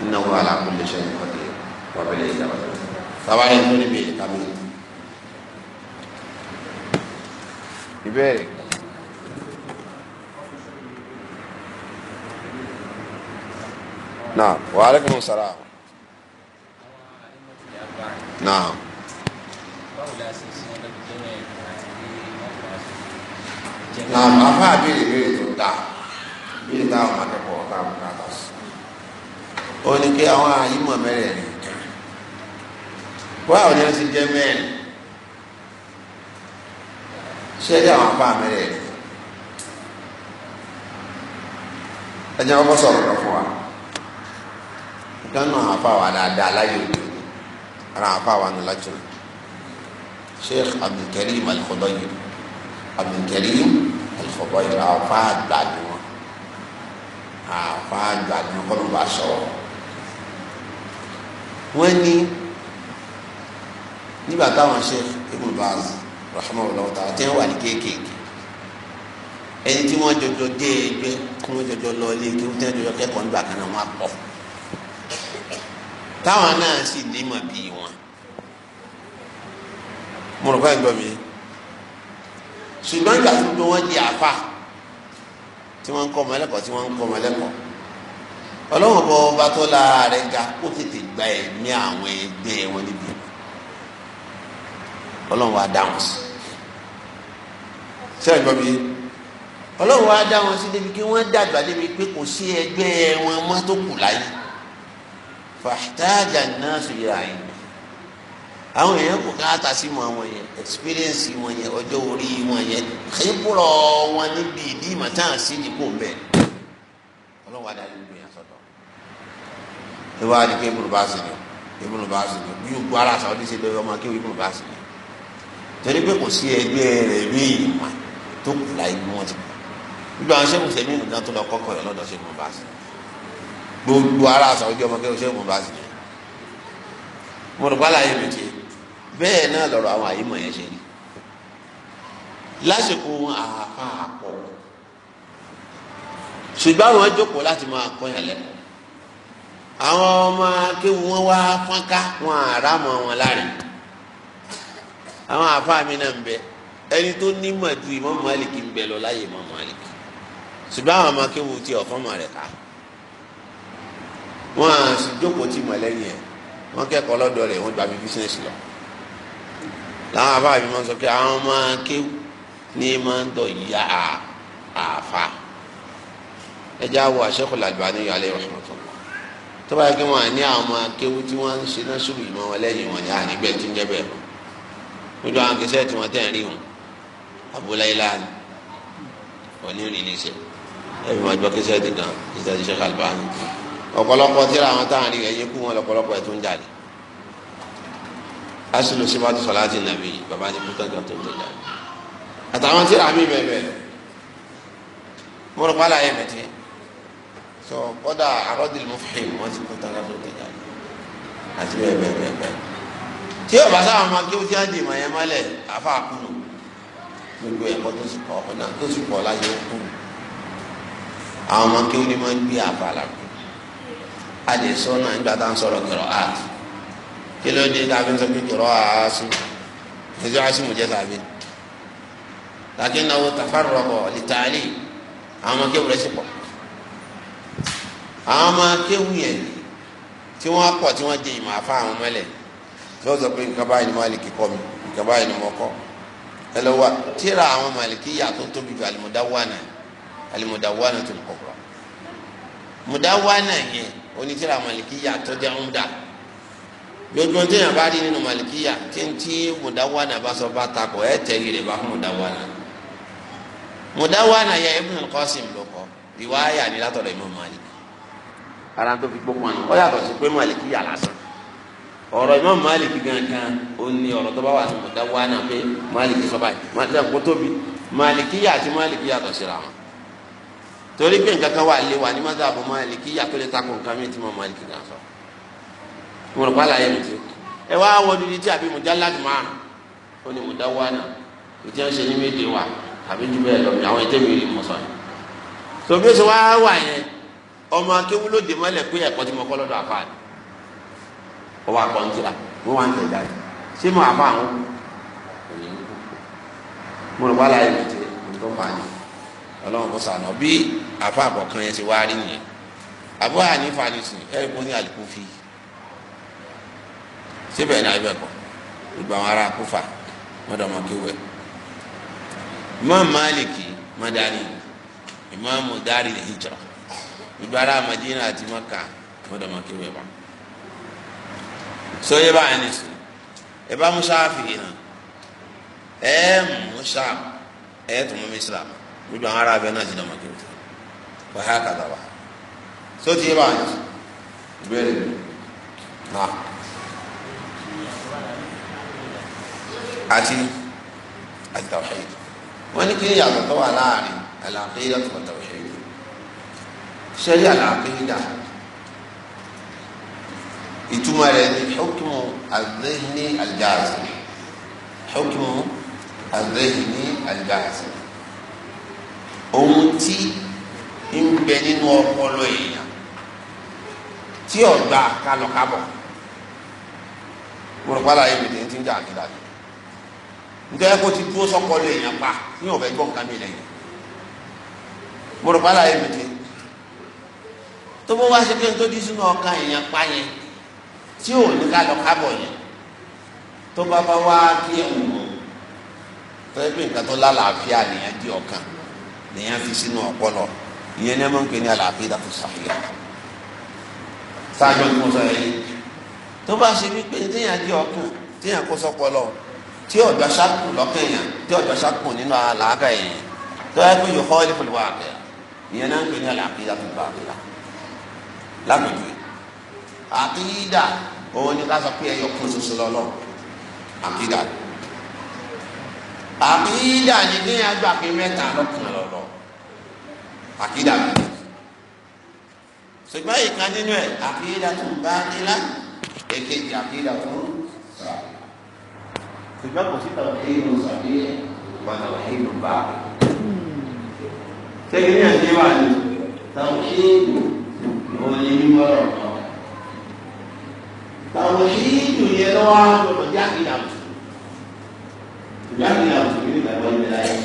nínú àwọn alákùnlé ṣe ń kọ́tẹ́ wàbẹ̀lẹ̀ ìjàmbá tó sábàáyé tó níbi ìkábíyé ìbéèrè. naam wa aleykum salaam naam. naam afa abiri biri tó da biri tá a ma kẹ́kọ̀ọ́ ọ̀tá mu ká lọ sí. ó ní kí àwọn àyímọ̀ mẹ́rẹ̀ẹ̀rin kan wá àwọn ẹni kánú àwọn afáwà dáadáa láyé òde ara àwọn afáwà nù lájọ sheikh abdulkareem alikọdọyè abdulkareem alikọdọyè àfa àgbàdo wọn àfa àgbàdo wọn kọ́nù bá sọ̀rọ̀ wọ́n ní nígbà táwọn sheikh ibn baz rahmanulahu ta'ala tẹ́ wà ní kéékèèké ẹni tí wọ́n jọjọ dé ẹgbẹ́ kí wọ́n jọjọ lọ ilé kí wọ́n tẹ́ jọjọ kẹ́kọ̀ọ́ nígbà kan náà wọ́n á pọ̀ táwọn náà sì nímọ̀ bíi wọn mo rò báyìí gbọ́ mi ṣùgbọ́n ìgbà tó gbé wọn di àfa tí wọ́n ń kọ́ ọmọ ẹlẹ́kọ̀ọ́ tí wọ́n ń kọ́ ọmọ ẹlẹ́kọ̀ọ́ ọlọ́run bọ ọba tó lára rẹ̀ ga kó tètè gba ẹ̀mí àwọn ẹgbẹ́ wọn níbi ọlọ́run wa dá wọn sí ṣé ẹ̀ gbọ́ mi ọlọ́run wa dá wọn sí débi kí wọ́n dàgbà débi pé kò sí ẹgbẹ́ wọn mọ́ tó kù láyé fàtàjà náà sùn yà yín àwọn èèyàn kò káàtà sí wọn wọn yẹn experience wọn yẹn ọjọ́ orí wọn yẹn xibúrọ wọn níbi ìdí màtán sí ní kò bẹ́ẹ̀ ọlọ́wọ́ adarí ń gbìyànjú sọ̀tọ̀ ẹ wá ní kí ibùdó bá sì ni ibùdó bá sì ni bí gbọ́ ara sàwọn oníṣẹ́ lọ́wọ́ ọmọ akéwì ibùdó bá sì ni torí pé kò sí ẹgbẹ́ rẹ̀ míì mà tó kù láì gbọ́n ti kù gbogbo àwọn sẹ́kùn sẹ́mi nìkan tó lọ kọ́kọ́ yọ lọ́dọ̀ sẹ́kùn bá sì ni gbogbo ara àsàwùjọ ọmọ kẹwàá sẹ́wọ̀n bá sì mo rò pálá yẹn méje bẹ́ẹ̀ náà lọ́rọ̀ àwọn àyímọ̀ yẹn ṣe rí lásìkò àáfà àpọ̀ ṣùgbọ́n àwọn jókòó láti máa kọ́yàn lẹ́kọ̀ọ́ àwọn ọmọ akéwù wọn wá fọ́nká wọn àrà mọ́ wọn láàrin àwọn àáfà mi náà ń bẹ ẹni tó nímọ̀ ju Imam Malik ń bẹ lọ láyé Imam Malik ṣùgbọ́n àwọn ọmọ akéwù ti ọ̀fọ́mọ̀ rẹ̀ ká wọn à sì jókòó tì mọ́ lẹ́yìn ẹ̀ wọ́n kẹ́kọ̀ọ́ lọ́dọ̀ rẹ̀ wọ́n gba mi business lọ. làwọn afa mi máa sọ pé àwọn máa kéwù ní máa ń dọ̀ ya àfa ẹja wo Sheikhul Albani alayhi rahmatullah tó bá yẹ kí wọn ní àwọn máa kéwù tí wọ́n ń ṣe náà sùrù ìmọ̀ wọn lẹ́yìn wọn ní ànígbẹ́ tí ń jẹ́ bẹ́ẹ̀ lójú àwọn kẹsẹ́ tí wọ́n tẹ̀ ń rí wọn abúláyìlá onírin ní sẹ́ ẹ̀ fi máa gbọ́ kẹsẹ́ ti gan kẹsẹ́ ti Sheikh ọ̀pọ̀lọpọ̀ tíra àwọn táwọn àdìgẹ ẹ̀yìn kú wọn lọ́pọ̀lọpọ̀ ẹ̀ tó ń jáde asilu sibatu salati nabi baba ti kú tọ́jú ọ̀tún tó jáde àtàwọn tíra mi bẹ́ẹ̀ bẹ́ẹ̀ lọ mo rò pálá ayé mẹ́tẹ́ sọ kọ́dà arọ́dìlì mufhim wọ́n ti kú tọ́jú ọ̀tún tó jáde àti bẹ́ẹ̀ bẹ́ẹ̀ bẹ́ẹ̀ bẹ́ẹ̀ tí o bá sáwọn máa kí o ti á di ìmọ̀ yẹn mọ́lẹ̀ àfa àkùnú gbogbo ẹ̀kọ́ tó sì kọ́ ọ̀nà tó sì kọ́ láyé ó kù àwọn máa kí o ní ń gbé àfa làkù àdìsọ náà nígbà tá à ń sọ̀rọ̀ kìrọ̀ á kí ló dé tàbí sọ pé kìrọ̀ á sùn ẹjọ́ àṣìmù jẹ́ tàbí. lakin náà wọ́n tafarọ̀kọ̀ lìtàlì àwọn ọmọ kéwù rẹ̀ sì pọ̀ àwọn ọmọ kéwù yẹn tí wọ́n pọ̀ tí wọ́n jẹ ìmọ̀ àfa àwọn mọ́lẹ̀ tí wọ́n sọ pé nǹkan báyìí ni Málíkì kọ́ mi nǹkan báyìí ni mo kọ́ ẹ wa tíra àwọn Málíkì yàtọ̀ tóbi ju Al-Mudawwana Al-Mudawwana tó kọ̀ bọ̀ Mudawwana yẹn onítìrà màlìkíyà tó jẹ́ ọ̀mùdá lójúmọ́ tí yàn bá rí nínú màlìkíyà tí ń tí mùdáwánà bá sọ bá takọ̀ ẹ̀ tẹ̀lé rẹ̀ bá mùdáwánà mùdáwánà yẹ Ibn al-Qasim ló kọ riwaya ni látọ̀dọ̀ Imam Malik ara tó fi gbókùn àná ó yàtọ̀ sí pé màlìkíyà lásán ọ̀rọ̀ Imam Malik gangan ó ní ọ̀rọ̀ tó bá wà ní mùdáwánà pé Malik sọ báyìí màlìkíyà kó tóbi màlìkíyà àti màlìkíyà tọ̀ síra wọn torí pé nǹkan kan wà lé wa ní mọ́tò àbọ̀ máa lè kí yàtọ̀ lè takò nǹkan mi tí mo máa lè kí kan sọ. mo rò pàlàyé mi ti ẹ wá wọ dídí tí àbí mujallad márùn ó ní mo wá náà ìtí wọn ṣe ní méje wa àbí jù bẹ́ẹ̀ lọ àwọn ìtẹ́ mi rí mo sọ yẹn. tó bí ó ṣe wá wà yẹn ọmọ akéwú ló mọ́lẹ̀ pé ẹ̀kọ́ tí mo kọ́ lọ́dọ̀ àfa ni ó wá kọ́ ń mo wá ń tẹ̀ jáde ṣé mo àfa àwọn mo ọlọ́run kò sànà bí àfa àkọ́kàn yẹn ti wá rí nìyẹn àbúrò ànífà ni sìn ẹ̀ mo ní àlùkò fi síbẹ̀ ní abẹ́ kọ́ gbogbo àwọn ará kófà wọ́n dọ̀ mọ́ imam maliki madani imam dari lè hijra gbogbo ará madina àti maka wọ́n dọ̀ mọ́ kí wẹ̀ wá. sọ́yẹ́ báyìí ní sùn ẹ bá musa fi hàn ẹ musa ẹ tún mú mi sílámù gbogbo àwọn ará abẹ náà ti dàmọ́ kéwìtì wà á kàdà wà so ti yé bá yẹn ìbéèrè mi nà àti àti tawhid wọn ní kí ni yàtọ̀ tó wà láàrin àlàkéyìdá tó wà tawhid sẹ́rí àlàkéyìdá ìtumọ̀ rẹ̀ ni hukmu adéhìní aljazi hukmu adéhìní aljazi ohun tí ń bẹ nínú ọpọlọ èèyàn tí ọgbà kalọkabọ gbọdọgbàlà yìí bìtẹ ti ń jà àkìlà yìí nítorí kó ti dúró sọpọlọ èèyàn pa ní ọbẹ gbọ nǹkan mi lẹ́yìn gbọdọgbàlà yìí bìtẹ tó bó wá ṣe pé nítorí sínú ọkàn èèyàn pa yẹn tí ò ní kalọkabọ yẹn tó bá bá wá kí ẹ wù ú tọ́jú pé nǹkan tó lálàáfíà nìyẹn di ọkàn lèyìn àfi sínú ọpọlọ ìyẹn ní ẹ máa ń pè ní àlàáfíà tó sàfihàn sáájú ọdún sọ yẹn tó bá ṣe wípé téèyàn jẹ ọkàn téèyàn kó sọpọlọ tí ọjọ sákùn lọkàn èèyàn tí ọjọ sákùn nínú àlàáfíà èèyàn tó yẹ kó yọ kọ́ ilé pẹ̀lú àgbẹ̀ ìyẹn náà ń pè ní àlàáfíà tó bá àgbẹ̀ lágbègbè àkídà òun ni ká sọ pé ẹyọ kún ṣoṣo lọ́lọ́ àkídà rẹ̀ àkìdá ni kéèyàn gbà pé mẹ́ta lọ́kàn lọ́lọ́ àkìdá mi ṣùgbọ́n ìkan nínú ẹ̀ àkìdá tó bá nílá èkejì àkìdá tó sà ṣùgbọ́n kò sí tàbí èèyàn sàbí ìpàdé èèyàn bá a. ṣé kí ni àti wà ní tàwọn ṣéèdù òun ni mímọ́ ọ̀rọ̀ kan tàwọn ṣéèdù yẹn lọ́wọ́ àwọn ọ̀dọ́ jákèjá لأن المسلمين بأول الآية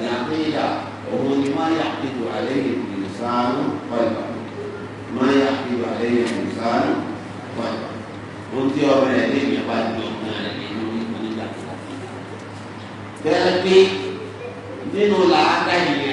العقيدة وهو ما يعقد عليه الإنسان قلبه ما يعقد عليه الإنسان قلبه قلت يا ابن الذين يقال bẹ́ẹ̀ pé nínú làákàyè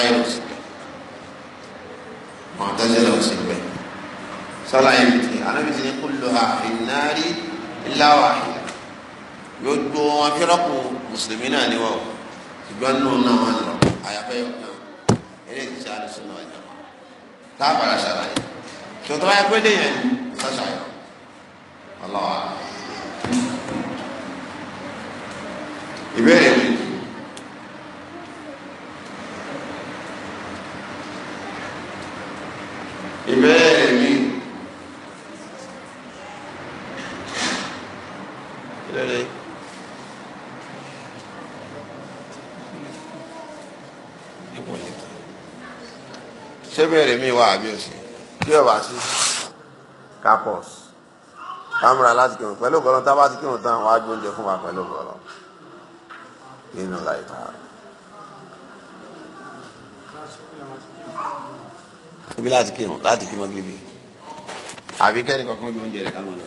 ṣááyé ò sí bẹ́ẹ̀ mọ̀tẹ́sílẹ̀ ò sí bẹ́ẹ̀ sálàyé mi ti anábì ti ní kúlò àfìnnárí ìláwà àfìnà yóò gbó wọn fẹ́rọ̀kù mùsùlùmí náà ni wọ́n ṣùgbọ́n nínú náà wọn lọ àyàfẹ́ yọ̀ náà eré ti ṣe àlùsùn náà jẹ́ wọn táàbàrà ṣàlàyé tòótọ́ wáyé pé déyẹn ṣàṣàyọ̀ ọlọ́wà ìbéèrè mi. bẹ̀rẹ̀ mi wá àbí òsì bí ọba sí capos kámẹ́rà láti kírun pẹ̀lú ọgọ́rùn tá a bá ti kírun tán wàá gbóúnjẹ fún wa pẹ̀lú ọgọ́rùn nínú láìka. ibi láti kírun láti kírun gíbi àbí kẹ́ni kankan gbóúnjẹ rẹ̀ ká mọ̀ lọ.